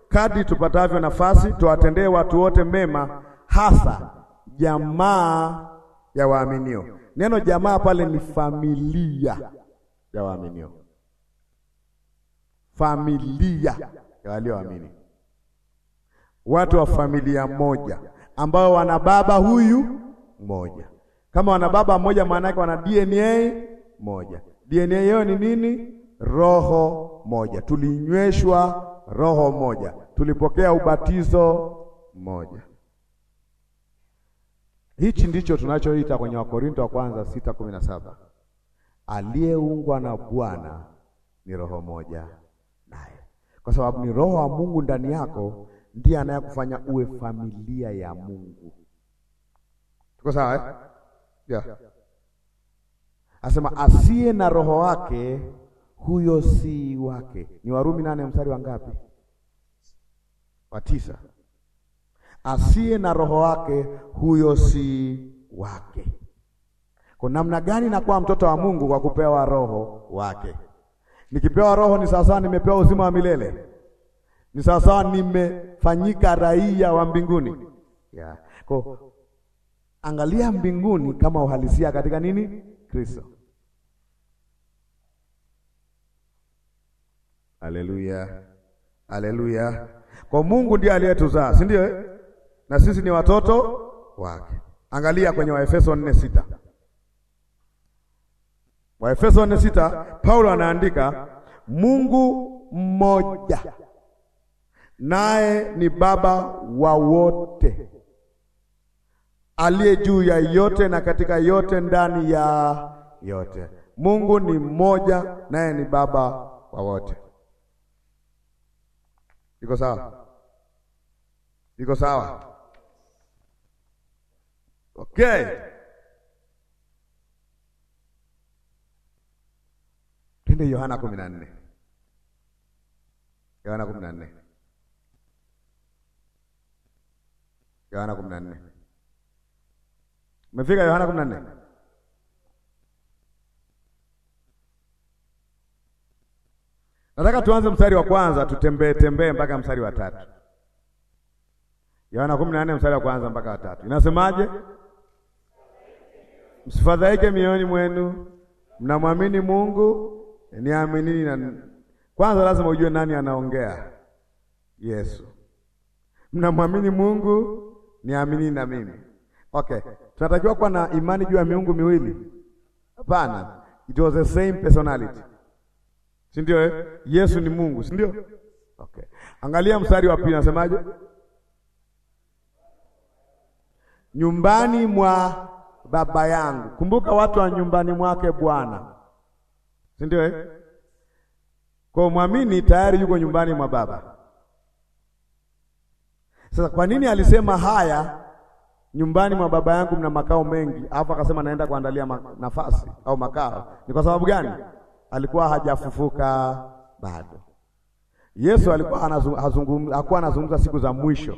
Speaker 1: kadri tupatavyo nafasi tuwatendee watu wote mema, hasa jamaa ya waaminio. Neno jamaa pale ni familia ya waaminio, familia ya walioamini, watu wa familia moja ambao wana baba huyu mmoja. Kama wana baba mmoja, maana yake wana DNA moja. DNA yao ni nini? Roho moja, tulinyweshwa roho moja, tulipokea ubatizo mmoja. Hichi ndicho tunachoita kwenye Wakorinto wa kwanza sita kumi na saba aliyeungwa na Bwana ni roho moja naye, kwa sababu ni roho wa Mungu ndani yako ndiye anayekufanya uwe familia ya Mungu. Tuko sawa eh? Yeah. Asema asiye na roho wake huyo si wake. Ni Warumi nane mstari wa ngapi? Wa tisa. Asiye na roho wake huyo si wake. Kwa namna gani nakuwa mtoto wa Mungu? Kwa kupewa roho wake. Nikipewa roho ni sawasawa nimepewa uzima wa milele, ni sawasawa nimefanyika raia wa mbinguni yeah. Kwa angalia mbinguni kama uhalisia katika nini? Kristo. Haleluya, haleluya! Kwa Mungu ndiye aliyetuzaa, si ndio? Eh? Na sisi ni watoto wake. Angalia kwenye Waefeso nne Waefeso 4:6 Paulo anaandika, Mungu mmoja naye ni baba wa wote aliye juu ya yote na katika yote ndani ya yote. Mungu ni mmoja naye ni baba wa wote. Iko sawa? Iko sawa? Okay. Twende Yohana kumi na nne Yohana kumi na nne Yohana kumi na nne umefika Yohana kumi na nne Nataka tuanze mstari wa kwanza, tutembee tembee mpaka mstari wa tatu. Yohana kumi na nne mstari wa kwanza mpaka wa tatu inasemaje? Msifadhaike mioyoni mwenu, mnamwamini Mungu, niaminini na kwanza, lazima ujue nani anaongea. Yesu. Mnamwamini Mungu, niaminini na mimi. Okay, tunatakiwa kuwa na imani juu ya miungu miwili? Hapana, it was the same personality, si ndio? Eh, Yesu ni Mungu, si ndio? Okay, angalia mstari wa pili nasemaje? Nyumbani mwa baba yangu. Kumbuka watu wa nyumbani mwake Bwana si ndio eh? Kwa mwamini tayari yuko nyumbani mwa Baba. Sasa kwa nini alisema haya, nyumbani mwa Baba yangu mna makao mengi, alafu akasema naenda kuandalia nafasi au makao? Ni kwa sababu gani? Alikuwa hajafufuka bado. Yesu alikuwa anazungumza, hakuwa anazungumza siku za mwisho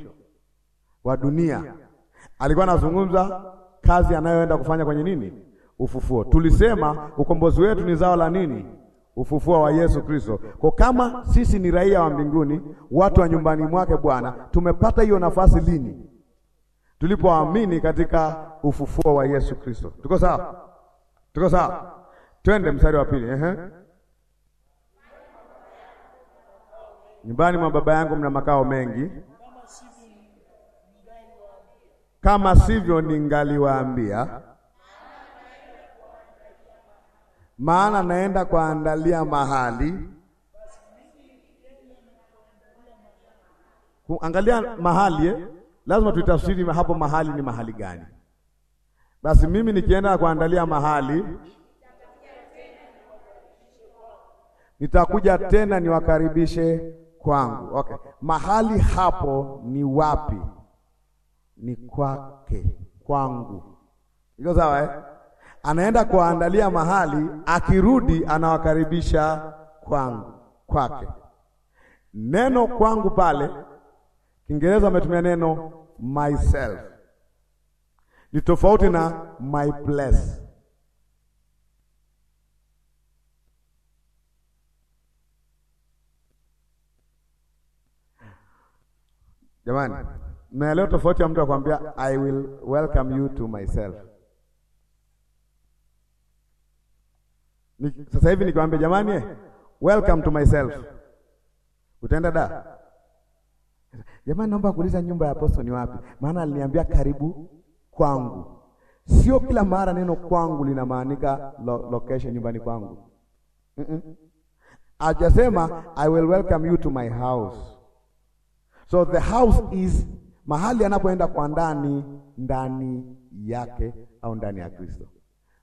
Speaker 1: wa dunia, alikuwa anazungumza kazi anayoenda kufanya kwenye nini ufufuo. Tulisema ukombozi wetu ni zao la nini? Ufufuo wa Yesu Kristo. Kwa kama sisi ni raia wa mbinguni, watu wa nyumbani mwake Bwana, tumepata hiyo nafasi lini? Tulipoamini katika ufufuo wa Yesu Kristo. Tuko sawa? Tuko sawa? Twende mstari wa pili. Ehe. Nyumbani mwa Baba yangu mna makao mengi, kama sivyo ningaliwaambia maana naenda kuandalia mahali. Kuangalia mahali eh? Lazima tuitafsiri hapo mahali ni mahali gani? Basi mimi nikienda kuandalia mahali nitakuja tena niwakaribishe kwangu. Okay. Mahali hapo ni wapi? Ni kwake, kwangu. Iko sawa eh? anaenda kuandalia mahali, akirudi anawakaribisha kwangu kwake. Neno kwangu pale Kiingereza ametumia neno myself, ni tofauti na my place. Jamani, naelewa tofauti ya mtu akwambia I will welcome you to myself sasa hivi nikiwaambia jamani, eh, welcome to myself, utaenda da jamani, naomba kuuliza nyumba ya Apostle ni wapi? Maana aliniambia karibu kwangu. Sio kila mara neno kwangu linamaanika lo, location nyumbani kwangu. mm -mm. Ajasema I will welcome you to my house. So the house is mahali anapoenda kwa ndani ndani yake au ndani ya Kristo.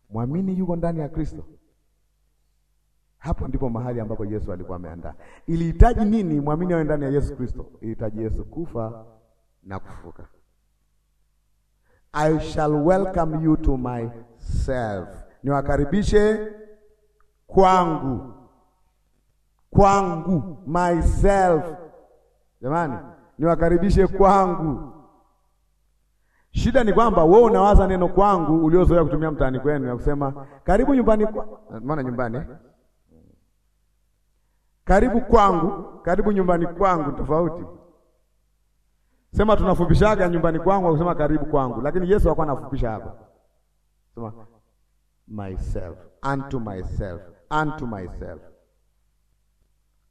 Speaker 1: Mwamini yuko ndani ya Kristo. Hapo ndipo mahali ambapo Yesu alikuwa ameandaa. Ilihitaji nini mwamini awe ndani ya Yesu Kristo? Ilihitaji Yesu kufa na kufuka. I shall welcome you to myself, niwakaribishe kwangu, kwangu, myself. Jamani, niwakaribishe kwangu. Shida ni kwamba wewe unawaza neno kwangu uliozoea kutumia mtaani kwenu ya kusema karibu nyumbani kwa maana nyumbani karibu kwangu, karibu nyumbani kwangu tofauti. Sema tunafupishaga nyumbani kwangu, akusema karibu kwangu, lakini Yesu hakuwa anafupisha hapa, sema myself unto myself unto myself.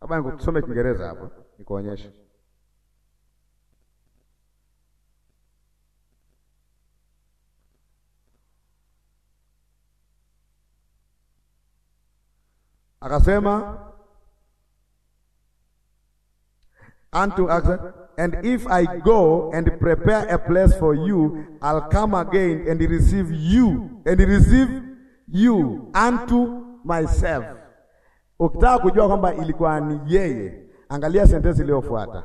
Speaker 1: Hapa nikusome Kiingereza hapo, nikuonyeshe akasema
Speaker 2: unto us, and if
Speaker 1: I go and prepare a place for you, I'll come again and receive you and receive you unto myself. Ukitaka kujua kwamba ilikuwa ni yeye, angalia sentensi iliyofuata,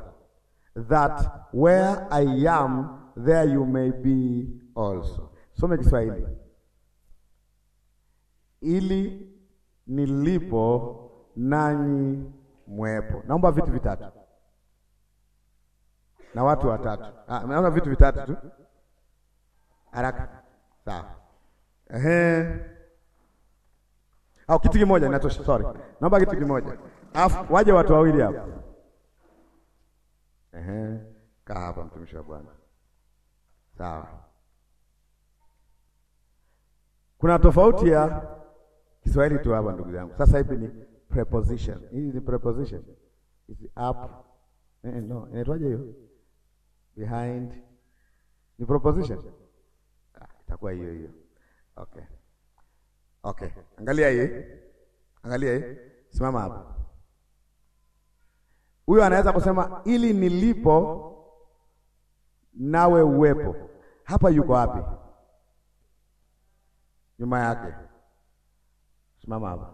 Speaker 1: that where I am there you may be also. Some Kiswahili, ili nilipo nanyi mwepo. Naomba vitu vitatu na watu watatu. Ah, naona vitu vitatu tu haraka, sawa. Ehe, au kitu kimoja inatosha. Sorry, naomba kitu kimoja, alafu waje watu wawili hapo.
Speaker 2: Ehe, kaa
Speaker 1: hapa, mtumishi wa Bwana. Sawa, kuna tofauti ya Kiswahili tu hapa, ndugu zangu. Sasa hivi ni preposition, hii ni preposition, hizi up eh, no inaitwaje hiyo? behind ni proposition ah, itakuwa hiyo hiyo. Okay, okay, angalia hii, angalia hii, simama hapo. Huyo anaweza kusema ili nilipo nawe uwepo. Hapa yuko wapi? Nyuma yake, simama hapo.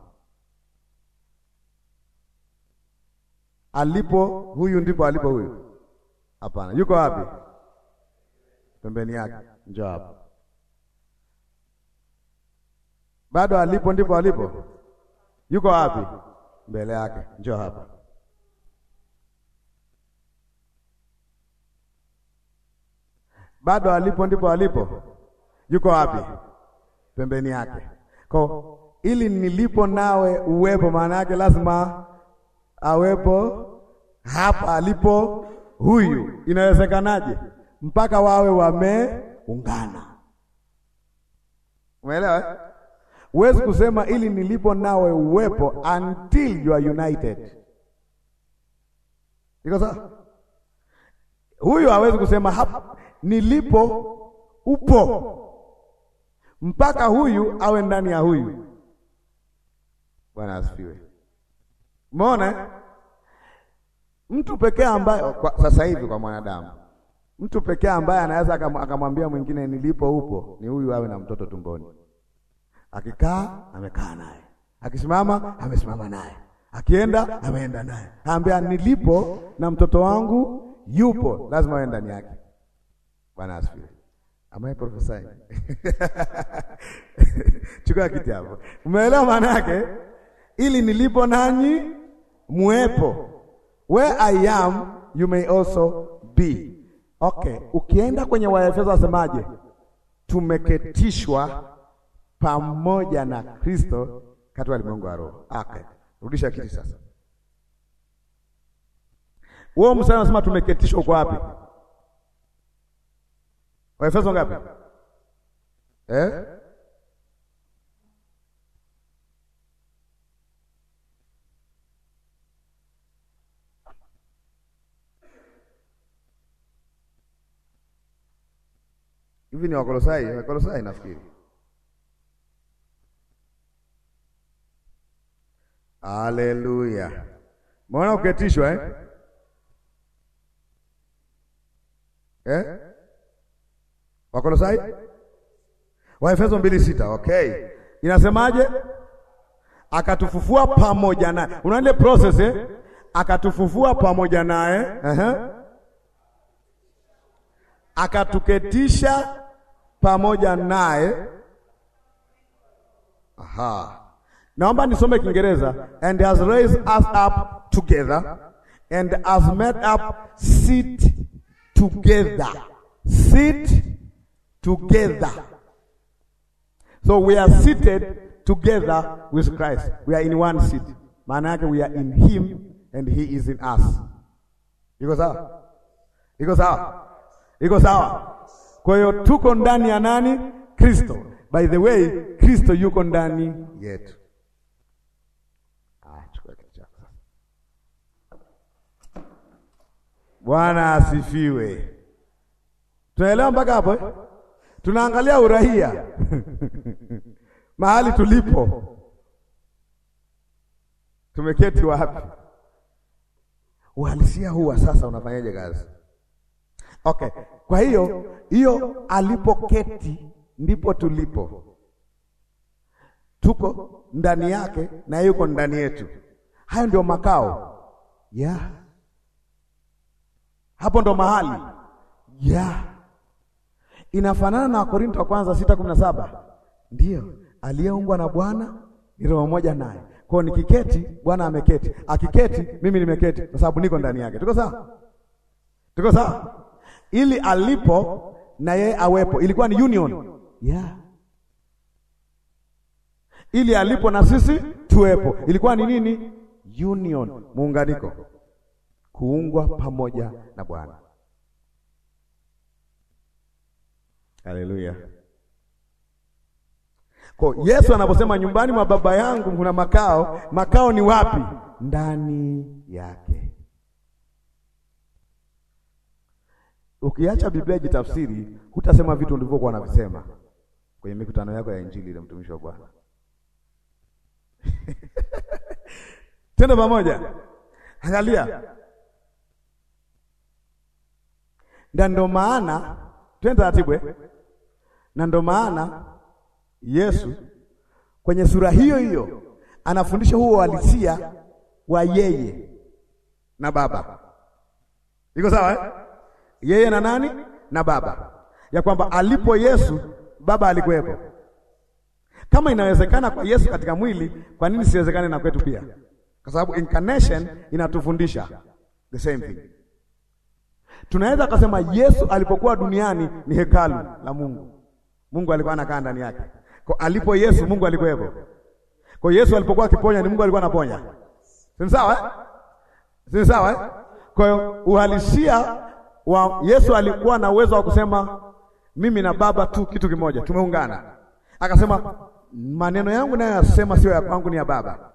Speaker 1: Alipo huyu ndipo alipo huyu Hapana, yuko wapi? Pembeni yake, njoo hapa. Bado alipo ndipo alipo. Yuko wapi? Mbele yake, njoo hapa. Bado alipo ndipo alipo. Yuko wapi? Pembeni yake. Kwa ili nilipo nawe uwepo, maana yake lazima awepo hapa alipo huyu, inawezekanaje mpaka wawe wameungana? Umeelewa? Huwezi kusema ili nilipo nawe uwepo until you are united. Iko sawa? Huyu hawezi kusema hapa nilipo upo mpaka huyu awe ndani ya huyu. Bwana asifiwe. Umeona? Mtu pekee ambaye sasa hivi kwa mwanadamu, mtu pekee ambaye anaweza akamwambia mwingine nilipo upo ni huyu, awe na mtoto tumboni. Akikaa amekaa naye, akisimama amesimama naye, akienda ameenda naye. Aambia nilipo na mtoto wangu yupo, lazima awe ndani yake. Bwana asifiwe. Amaye profesa. Chukua kiti hapo. Umeelewa maana yake? Ili nilipo nanyi muwepo. Where I am you may also be. Okay, ukienda kwenye Waefeso wasemaje? Tumeketishwa pamoja na Kristo katika ulimwengu wa roho. Okay. Rudisha kiti sasa. Wewe msana unasema tumeketishwa kwa wapi? Waefeso ngapi? Eh? hivi ni Wakolosai, Wakolosai nafikiri. Aleluya, maona uketishwa eh? Eh? Wakolosai, Waefeso mbili sita. Okay, inasemaje? Akatufufua pamoja naye, unaende process eh? Akatufufua pamoja naye eh? uh -huh akatuketisha pamoja naye. Aha. Naomba nisome Kiingereza, and has raised us up together and has made up sit together, sit together. So we are seated together with Christ, we are in one seat. Maana yake we are in him and he is in us. Iko sawa? Iko sawa? Iko sawa? Kwa hiyo tuko ndani ya nani? Kristo. By the way, Kristo yuko ndani
Speaker 2: yetu. Ah,
Speaker 1: Bwana asifiwe. Tunaelewa mpaka hapo eh? Tunaangalia uraia mahali tulipo, tumeketi wapi? Uhalisia huu sasa unafanyaje kazi? Okay, kwa hiyo hiyo alipoketi ndipo tulipo, tuko ndani yake na yuko ndani yetu. Hayo ndio makao ya yeah. Hapo ndo mahali ya yeah. Inafanana na wakorinto wa kwanza sita kumi na saba ndiyo aliyeungwa na Bwana ni roho moja naye. Kwa hiyo nikiketi, Bwana ameketi, akiketi, mimi nimeketi, kwa sababu niko ndani yake. Tuko sawa? Tuko sawa? ili alipo na yeye awepo. Ilikuwa ni union yeah. Ili alipo na sisi tuwepo, ilikuwa ni nini? Union, muunganiko, kuungwa pamoja na Bwana. Haleluya! Kwa Yesu anaposema nyumbani mwa Baba yangu kuna makao, makao ni wapi? Ndani yake. Ukiacha Biblia ijitafsiri, hutasema vitu ulivyokuwa unavisema kwenye mikutano yako ya injili ile, mtumishi wa Bwana. tendo pamoja, angalia na ndo maana twende taratibu, eh, na ndo maana Yesu kwenye sura hiyo hiyo anafundisha huo uhalisia wa yeye na Baba. Iko sawa eh? yeye na nani na Baba, ya kwamba alipo Yesu Baba alikuwepo. Kama inawezekana kwa Yesu katika mwili, kwa nini siwezekane na kwetu pia? Kwa sababu incarnation inatufundisha the same thing. Tunaweza kusema Yesu alipokuwa duniani ni hekalu la Mungu, Mungu alikuwa anakaa ndani yake. Kwa alipo Yesu Mungu alikuwepo. Kwa Yesu alipokuwa akiponya ni Mungu alikuwa anaponya. Si sawa? Eh? Si sawa? Eh? Kwa hiyo uhalisia wa Yesu alikuwa na uwezo wa kusema mimi na Baba tu kitu kimoja, tumeungana. Akasema maneno yangu nayo yasema sio ya kwangu, ni ya Baba,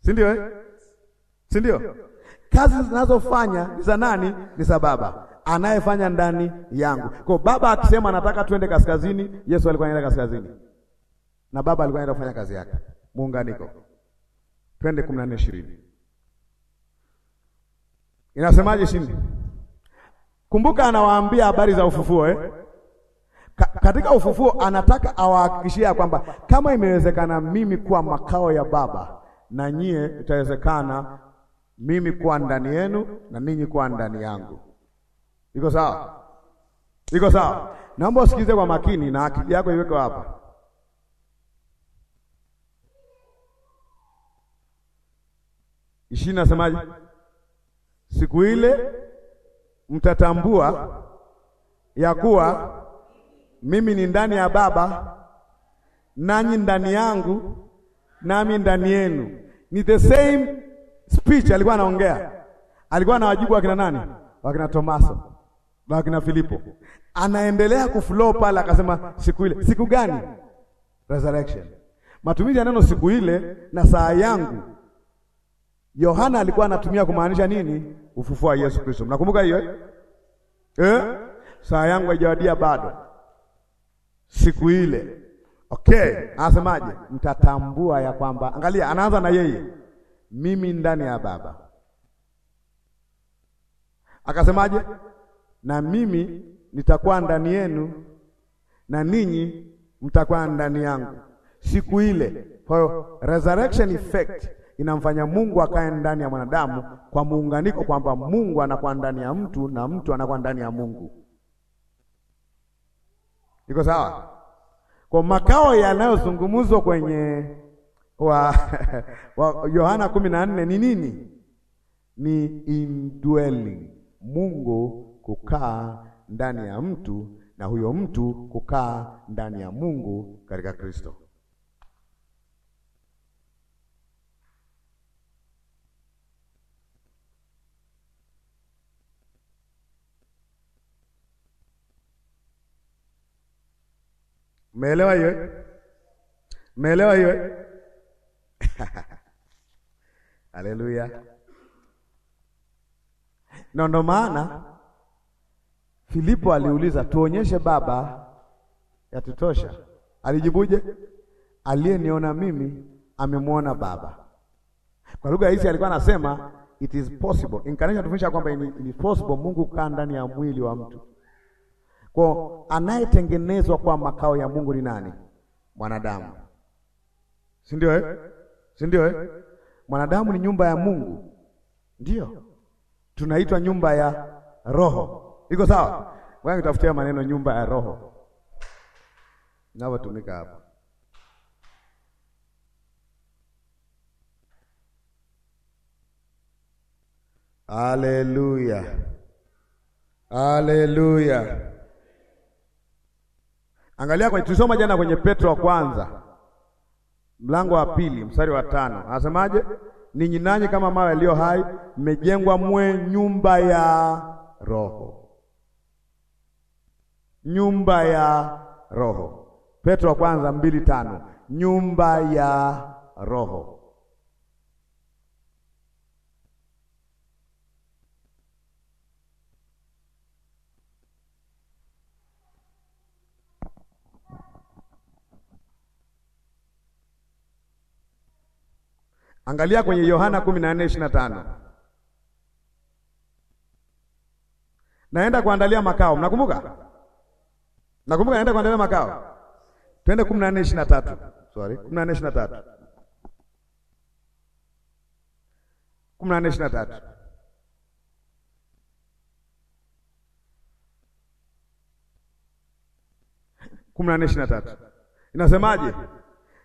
Speaker 1: si ndio eh? si ndio? Kazi zinazofanya ni za nani? Ni za Baba anayefanya ndani yangu. Kwa Baba akisema anataka tuende kaskazini, Yesu alikuwa anaenda kaskazini na Baba alikuwa anaenda kufanya kazi yake. Muunganiko, twende kumi na nne ishirini inasemaje chini Kumbuka anawaambia habari za ufufuo eh? Ka, katika ufufuo anataka awahakikishia kwamba kama imewezekana mimi kuwa makao ya Baba, na nyie itawezekana mimi kuwa ndani yenu na ninyi kuwa ndani yangu. Iko sawa? Iko sawa? Naomba usikize kwa makini na akili yako iweke hapa. ishii nasemaje? Siku ile mtatambua ya kuwa mimi ni ndani ya Baba nanyi ndani yangu nami ndani yenu. Ni the same speech alikuwa anaongea, alikuwa na wajibu wakina nani? Wakina Tomaso na wakina Filipo. Anaendelea kuflow pale, akasema siku ile. Siku gani? Resurrection. Matumizi ya neno siku ile na saa yangu Yohana alikuwa anatumia kumaanisha nini? Ufufuo wa Yesu Kristo. Mnakumbuka hiyo eh? Eh? Saa yangu haijawadia bado, siku ile. Okay, anasemaje? Mtatambua ya kwamba, angalia, anaanza na yeye, mimi ndani ya Baba. Akasemaje? Na mimi nitakuwa ndani yenu na ninyi mtakuwa ndani yangu siku ile. Kwa hiyo resurrection effect inamfanya Mungu akae ndani ya mwanadamu kwa muunganiko kwamba Mungu anakuwa ndani ya mtu na mtu anakuwa ndani ya Mungu. Iko sawa? Kwa makao yanayozungumzwa kwenye wa Yohana kumi na nne ni nini? Ni indwelling, Mungu kukaa ndani ya mtu na huyo mtu kukaa ndani ya Mungu katika Kristo. Umeelewa hiyo? Umeelewa hiyo? Haleluya! Na ndo maana Filipo aliuliza tuonyeshe Baba yatutosha. Alijibuje? Aliyeniona mimi amemwona Baba. Kwa lugha hizi alikuwa anasema it is possible. Incarnation inatufundisha kwamba ni possible Mungu kaa ndani ya mwili wa mtu. Kwa anayetengenezwa kwa makao ya Mungu ni nani? Mwanadamu, si ndio eh? si ndio eh? Mwanadamu ni nyumba ya Mungu, ndio tunaitwa nyumba ya roho. Iko sawa? Wewe nitafutia maneno nyumba ya roho inavyotumika hapa. Haleluya, haleluya. Angalia kwenye tulisoma jana kwenye Petro wa kwanza mlango wa pili mstari wa tano anasemaje? Ninyi nanyi kama mawe yaliyo hai mmejengwa mwe nyumba ya
Speaker 2: roho,
Speaker 1: nyumba ya roho. Petro wa kwanza mbili tano nyumba ya roho Angalia kwenye Yohana 14:25. Naenda kuandalia makao. Mnakumbuka? Nakumbuka naenda kuandalia makao. Twende 14:23.
Speaker 2: Sorry, 14:23.
Speaker 1: 14:23. Kumi na nne na tatu inasemaje?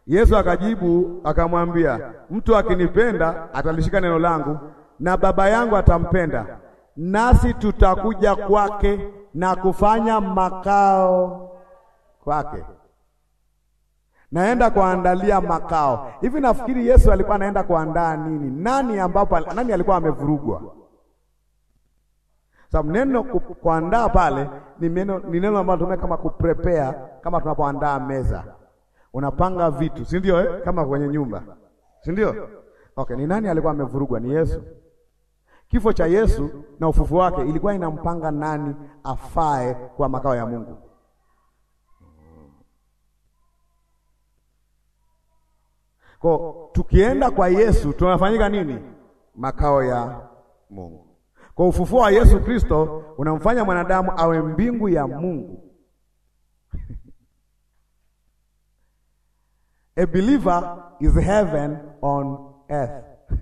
Speaker 1: Yesu akajibu akamwambia, mtu akinipenda atalishika neno langu, na Baba yangu atampenda, nasi tutakuja kwake na kufanya makao kwake. Naenda kuandalia makao. Hivi nafikiri Yesu alikuwa anaenda kuandaa nini? Nani ambapo nani alikuwa amevurugwa? Sababu neno kuandaa pale ni neno ambalo tunatumia kama kuprepare, kama tunapoandaa meza unapanga vitu, si ndio eh? Kama kwenye nyumba, si ndio? Okay, ni nani alikuwa amevurugwa? Ni Yesu. Kifo cha Yesu na ufufu wake ilikuwa inampanga nani afae kwa makao ya Mungu. Kwa tukienda kwa Yesu tunafanyika nini? Makao ya Mungu. Kwa ufufuo wa Yesu Kristo unamfanya mwanadamu awe mbingu ya Mungu. A believer is heaven on earth.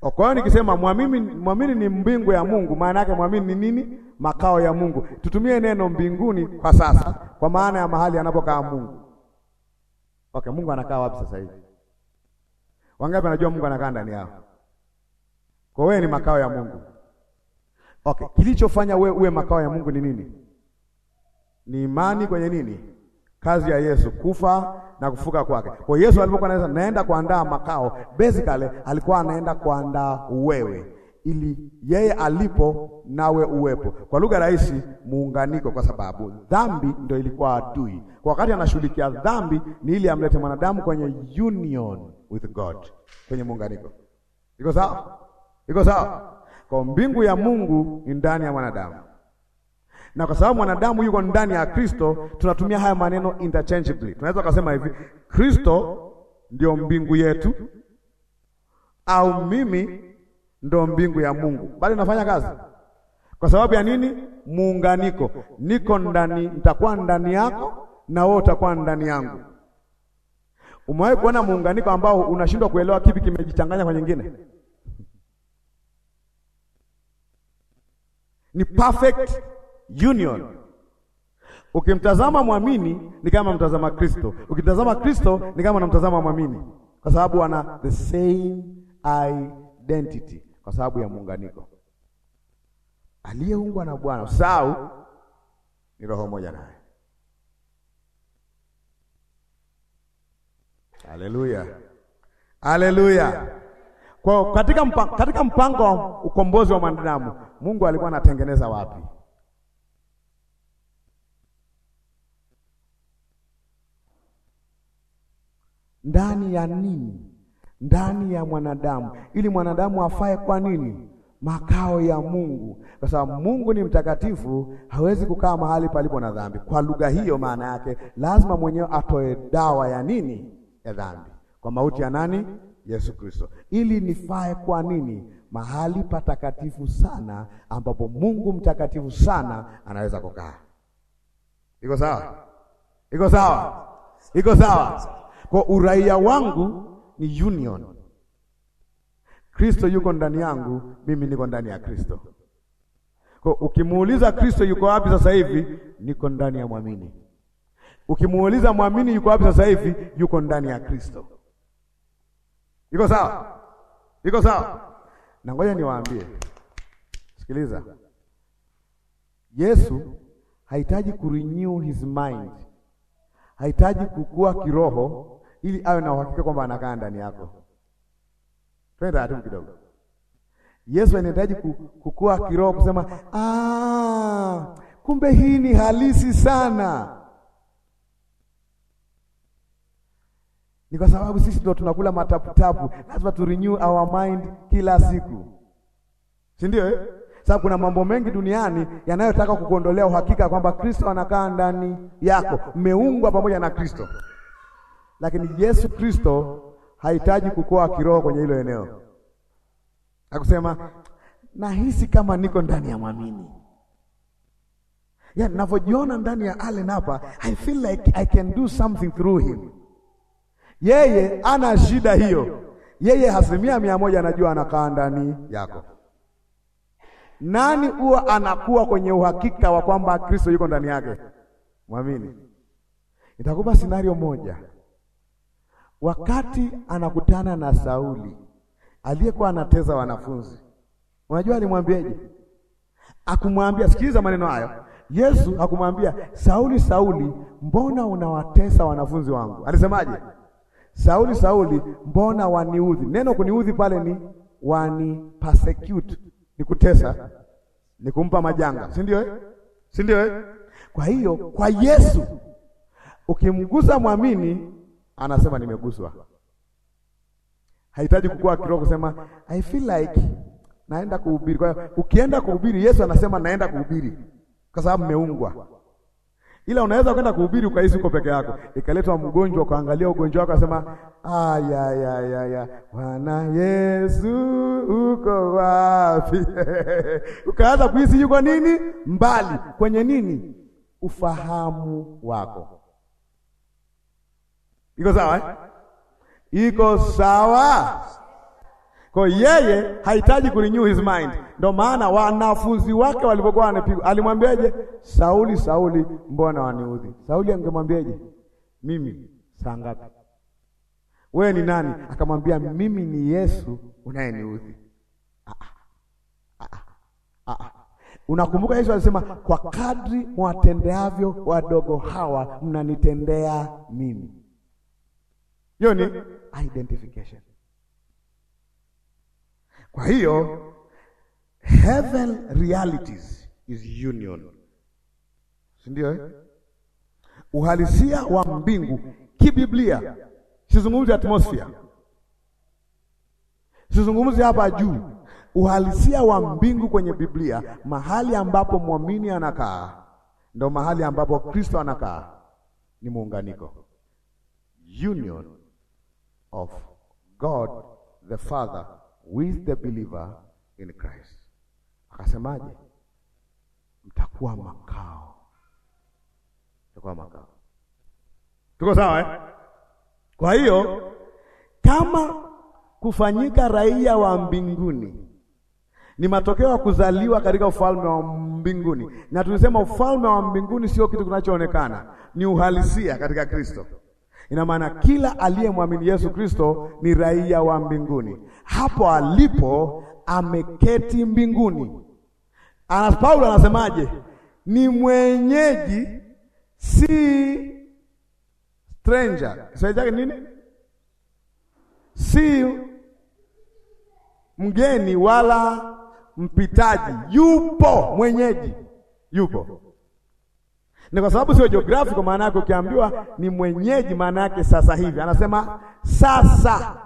Speaker 1: Kwa hiyo nikisema mwamini, ni mbingu ya Mungu, maana yake mwamini ni nini? Makao ya Mungu. Tutumie neno mbinguni kwa sasa, kwa maana ya mahali anapokaa Mungu. Okay, Mungu anakaa wapi sasa hivi? Wangapi anajua Mungu anakaa ndani yao? Kwa wewe ni makao ya Mungu. Okay, kilichofanya wewe uwe makao ya Mungu ni nini? ni imani kwenye nini? Kazi ya Yesu kufa na kufuka kwake. Kwa Yesu alipokuwa anasema naenda kuandaa makao, basically alikuwa anaenda kuandaa wewe ili yeye alipo nawe uwepo. Kwa lugha rahisi, muunganiko, kwa sababu dhambi ndio ilikuwa adui. Kwa wakati anashughulikia dhambi, ni ili amlete mwanadamu kwenye union with God, kwenye muunganiko. Iko sawa? Iko sawa? Kwa mbingu ya Mungu ni ndani ya mwanadamu na kwa sababu mwanadamu yuko ndani ya Kristo, tunatumia haya maneno interchangeably. Tunaweza kusema hivi, Kristo ndio mbingu yetu, au mimi ndio mbingu ya Mungu, bali nafanya kazi kwa sababu ya nini? Muunganiko, niko ndani, nitakuwa ndani yako na wewe utakuwa ndani yangu. Umewahi kuona muunganiko ambao unashindwa kuelewa kipi kimejichanganya kwa nyingine? Ni perfect union. Ukimtazama mwamini ni kama mtazama Kristo, ukimtazama Kristo ni kama namtazama mwamini, kwa sababu wana the same identity, kwa sababu ya muunganiko. Aliyeungwa na Bwana sau ni roho moja naye. Haleluya, haleluya.
Speaker 2: Kwa katika mpango, katika mpango wa ukombozi
Speaker 1: wa mwanadamu Mungu alikuwa anatengeneza wapi? ndani ya nini? Ndani ya mwanadamu, ili mwanadamu afae kwa nini? Makao ya Mungu, kwa sababu Mungu ni mtakatifu, hawezi kukaa mahali palipo na dhambi. Kwa lugha hiyo, maana yake lazima mwenyewe atoe dawa ya nini? Ya dhambi, kwa mauti ya nani? Yesu Kristo, ili nifae kwa nini? Mahali patakatifu sana, ambapo Mungu mtakatifu sana anaweza kukaa. Iko sawa? Iko sawa? Iko sawa? Kwa uraia wangu ni union. Kristo yuko ndani yangu, mimi niko ndani ya Kristo. Kwa ukimuuliza Kristo yuko wapi sasa hivi, niko ndani ya mwamini. Ukimuuliza mwamini yuko wapi sasa hivi, yuko ndani ya Kristo. Iko sawa? Iko sawa? Na ngoja niwaambie, sikiliza, Yesu hahitaji kurenew his mind, hahitaji kukua kiroho ili awe na uhakika kwamba anakaa ndani yako. Twende taratibu kidogo. Yesu anahitaji kukua kiroho, kusema ah, kumbe hii ni halisi sana. Ni kwa sababu sisi ndo tunakula mataputapu, lazima tu renew our mind kila siku, si ndio eh? Sababu kuna mambo mengi duniani yanayotaka kukuondolea uhakika kwamba Kristo anakaa ndani yako, mmeungwa pamoja na Kristo lakini Yesu Kristo hahitaji kukoa kiroho kwenye hilo eneo akusema nahisi kama niko ndani ya mwamini ya ninavyojiona ndani ya Allen hapa, I feel like I can do something through him. Yeye ana shida hiyo, yeye asilimia mia moja anajua anakaa ndani yako. Nani huwa anakuwa kwenye uhakika wa kwamba Kristo yuko ndani yake? Mwamini. Nitakupa scenario moja wakati anakutana na Sauli aliyekuwa anateza wanafunzi. Unajua alimwambiaje? Akumwambia, sikiliza maneno hayo. Yesu akumwambia, Sauli Sauli, mbona unawatesa wanafunzi wangu? Alisemaje? Sauli Sauli, mbona waniudhi? Neno kuniudhi pale ni wani persecute, ni kutesa, ni kumpa majanga, si ndio eh? Si ndio eh? Kwa hiyo kwa Yesu ukimgusa mwamini anasema nimeguswa. Hahitaji kukua kiroho kusema I feel like naenda kuhubiri. Kwa hiyo ukienda kuhubiri, Yesu anasema naenda kuhubiri kwa sababu mmeungwa. Ila unaweza kwenda kuhubiri ukahisi uko peke yako, ikaletwa mgonjwa ukaangalia ugonjwa wako akasema aya ya ya ya Bwana Yesu uko wapi? ukaanza kuhisi yuko nini mbali kwenye nini ufahamu wako Iko sawa eh? Iko sawa. Kwa yeye hahitaji kurenew his mind. Ndio maana wanafunzi wake walipokuwa wanapigwa, alimwambiaje? Sauli, Sauli, mbona waniudhi? Sauli angemwambiaje? Mimi saa ngapi? Wewe ni nani? Akamwambia mimi ni Yesu unayeniudhi. Ah, ah, ah, ah. ah. Unakumbuka Yesu alisema kwa kadri mwatendeavyo wadogo hawa mnanitendea mimi hiyo ni identification.
Speaker 2: Kwa hiyo heaven
Speaker 1: realities is union, si ndio eh? Uhalisia wa mbingu kibiblia, sizungumzi atmosphere, sizungumzi hapa juu uhalisia wa mbingu kwenye Biblia, mahali ambapo mwamini anakaa ndo mahali ambapo Kristo anakaa, ni muunganiko, union of God the Father with the believer in Christ. Akasemaje? Mtakuwa makao, mtakuwa makao. Tuko sawa eh? Kwa hiyo kama kufanyika raia wa mbinguni ni matokeo ya kuzaliwa katika ufalme wa mbinguni, na tulisema ufalme wa mbinguni sio kitu kinachoonekana, ni uhalisia katika Kristo. Ina maana kila aliyemwamini Yesu Kristo ni raia wa mbinguni. Hapo alipo ameketi mbinguni. Ana Paulo anasemaje? Ni mwenyeji, si stranger. Sasa nini? Si mgeni wala mpitaji, yupo mwenyeji, yupo ni kwa sababu sio geographic, kwa maana yake ukiambiwa ni mwenyeji, maana yake sasa hivi. Anasema sasa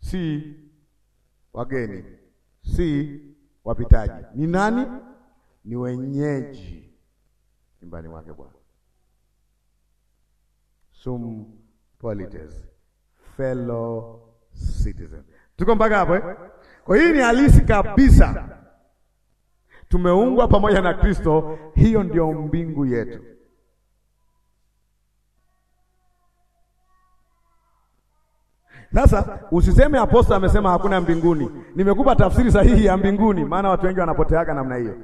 Speaker 1: si wageni, si wapitaji. Ni nani? Ni wenyeji nyumbani mwake Bwana. Sum polites fellow citizen. Tuko mpaka hapo eh? Kwa hii ni halisi kabisa tumeungwa pamoja na Kristo, hiyo ndio mbingu yetu. Sasa usiseme aposta amesema hakuna mbinguni. Nimekupa tafsiri sahihi ya mbinguni, maana watu wengi wanapoteaga namna hiyo.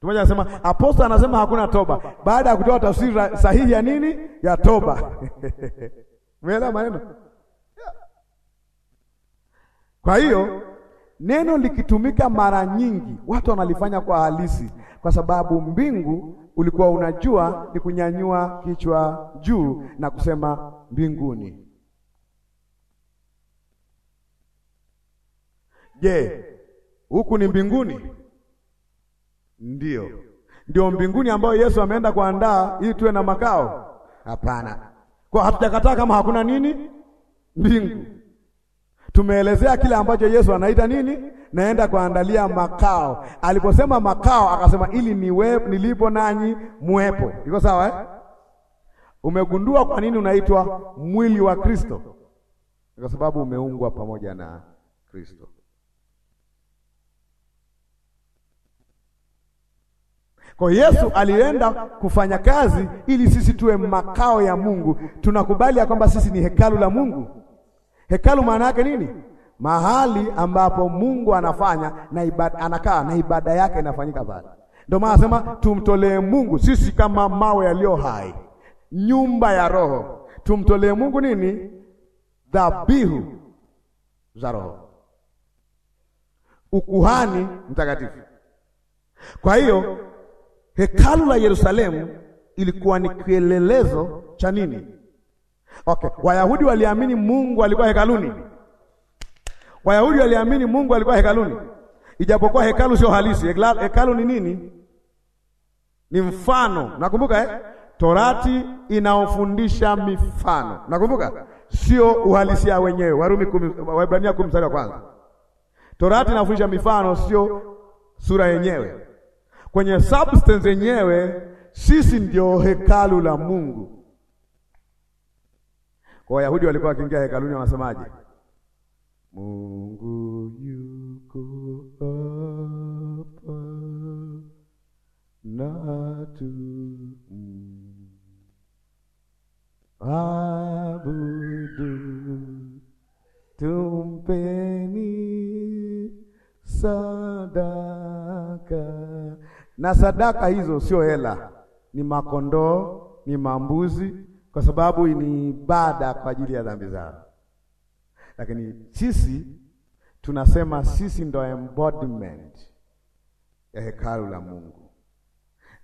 Speaker 1: Tumoja anasema aposta anasema hakuna toba, baada ya kutoa tafsiri sahihi ya nini, ya toba umeelewa maneno? Kwa hiyo Neno likitumika mara nyingi watu wanalifanya kwa halisi, kwa sababu mbingu ulikuwa unajua ni kunyanyua kichwa juu na kusema mbinguni. Je, huku ni mbinguni? Ndio, ndio mbinguni ambayo Yesu ameenda kuandaa ili tuwe na makao? Hapana, kwa hatujakataa kama hakuna nini mbingu Tumeelezea kile ambacho Yesu anaita nini, naenda kuandalia makao. Aliposema makao, akasema ili niwe nilipo nanyi muwepo. Iko sawa eh? Umegundua kwa nini unaitwa mwili wa Kristo? Kwa sababu umeungwa pamoja na Kristo. Kwa Yesu alienda kufanya kazi ili sisi tuwe makao ya Mungu. Tunakubali ya kwamba sisi ni hekalu la Mungu. Hekalu maana yake nini? Mahali ambapo Mungu anafanya na ibada, anakaa na ibada yake inafanyika pale. Ndio maana anasema tumtolee Mungu sisi kama mawe yaliyo hai, nyumba ya roho, tumtolee Mungu nini? Dhabihu za roho, ukuhani mtakatifu. Kwa hiyo hekalu la Yerusalemu ilikuwa ni kielelezo cha nini? Okay, Wayahudi waliamini Mungu alikuwa hekaluni. Wayahudi waliamini Mungu alikuwa hekaluni, ijapokuwa hekalu sio halisi. Hekalu ni nini? Ni mfano. Nakumbuka eh? Torati inaofundisha mifano. Nakumbuka sio uhalisia wenyewe. Warumi 10 Waebrania 10 mstari wa kwanza. Torati inafundisha mifano, sio sura yenyewe. Kwenye substance yenyewe, sisi ndio hekalu la Mungu. Kwa Wayahudi walikuwa wakiingia hekaluni wanasemaje? Mungu yuko hapa na tu abudu tumpeni sadaka. Na sadaka hizo sio hela, ni makondoo, ni mambuzi kwa sababu ni ibada kwa ajili ya dhambi zao. Lakini sisi tunasema sisi ndo embodiment ya hekalu la Mungu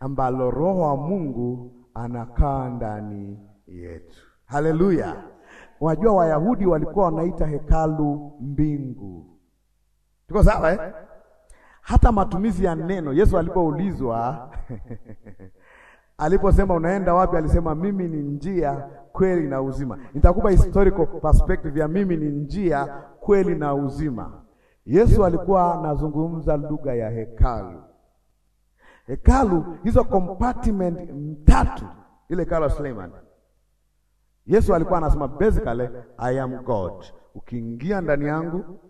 Speaker 1: ambalo Roho wa Mungu anakaa ndani yetu. Haleluya! Wajua, Wayahudi walikuwa wanaita hekalu mbingu. Tuko sawa eh? Hata matumizi ya neno Yesu alipoulizwa Aliposema unaenda wapi, alisema mimi ni njia, kweli na uzima. Nitakupa historical perspective ya mimi ni njia, kweli na uzima. Yesu alikuwa anazungumza lugha ya hekalu. Hekalu hizo compartment tatu, ile hekalu ya Yesu alikuwa anasema basically, I am God. Ukiingia ndani yangu,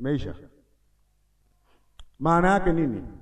Speaker 1: meisha. Maana yake nini?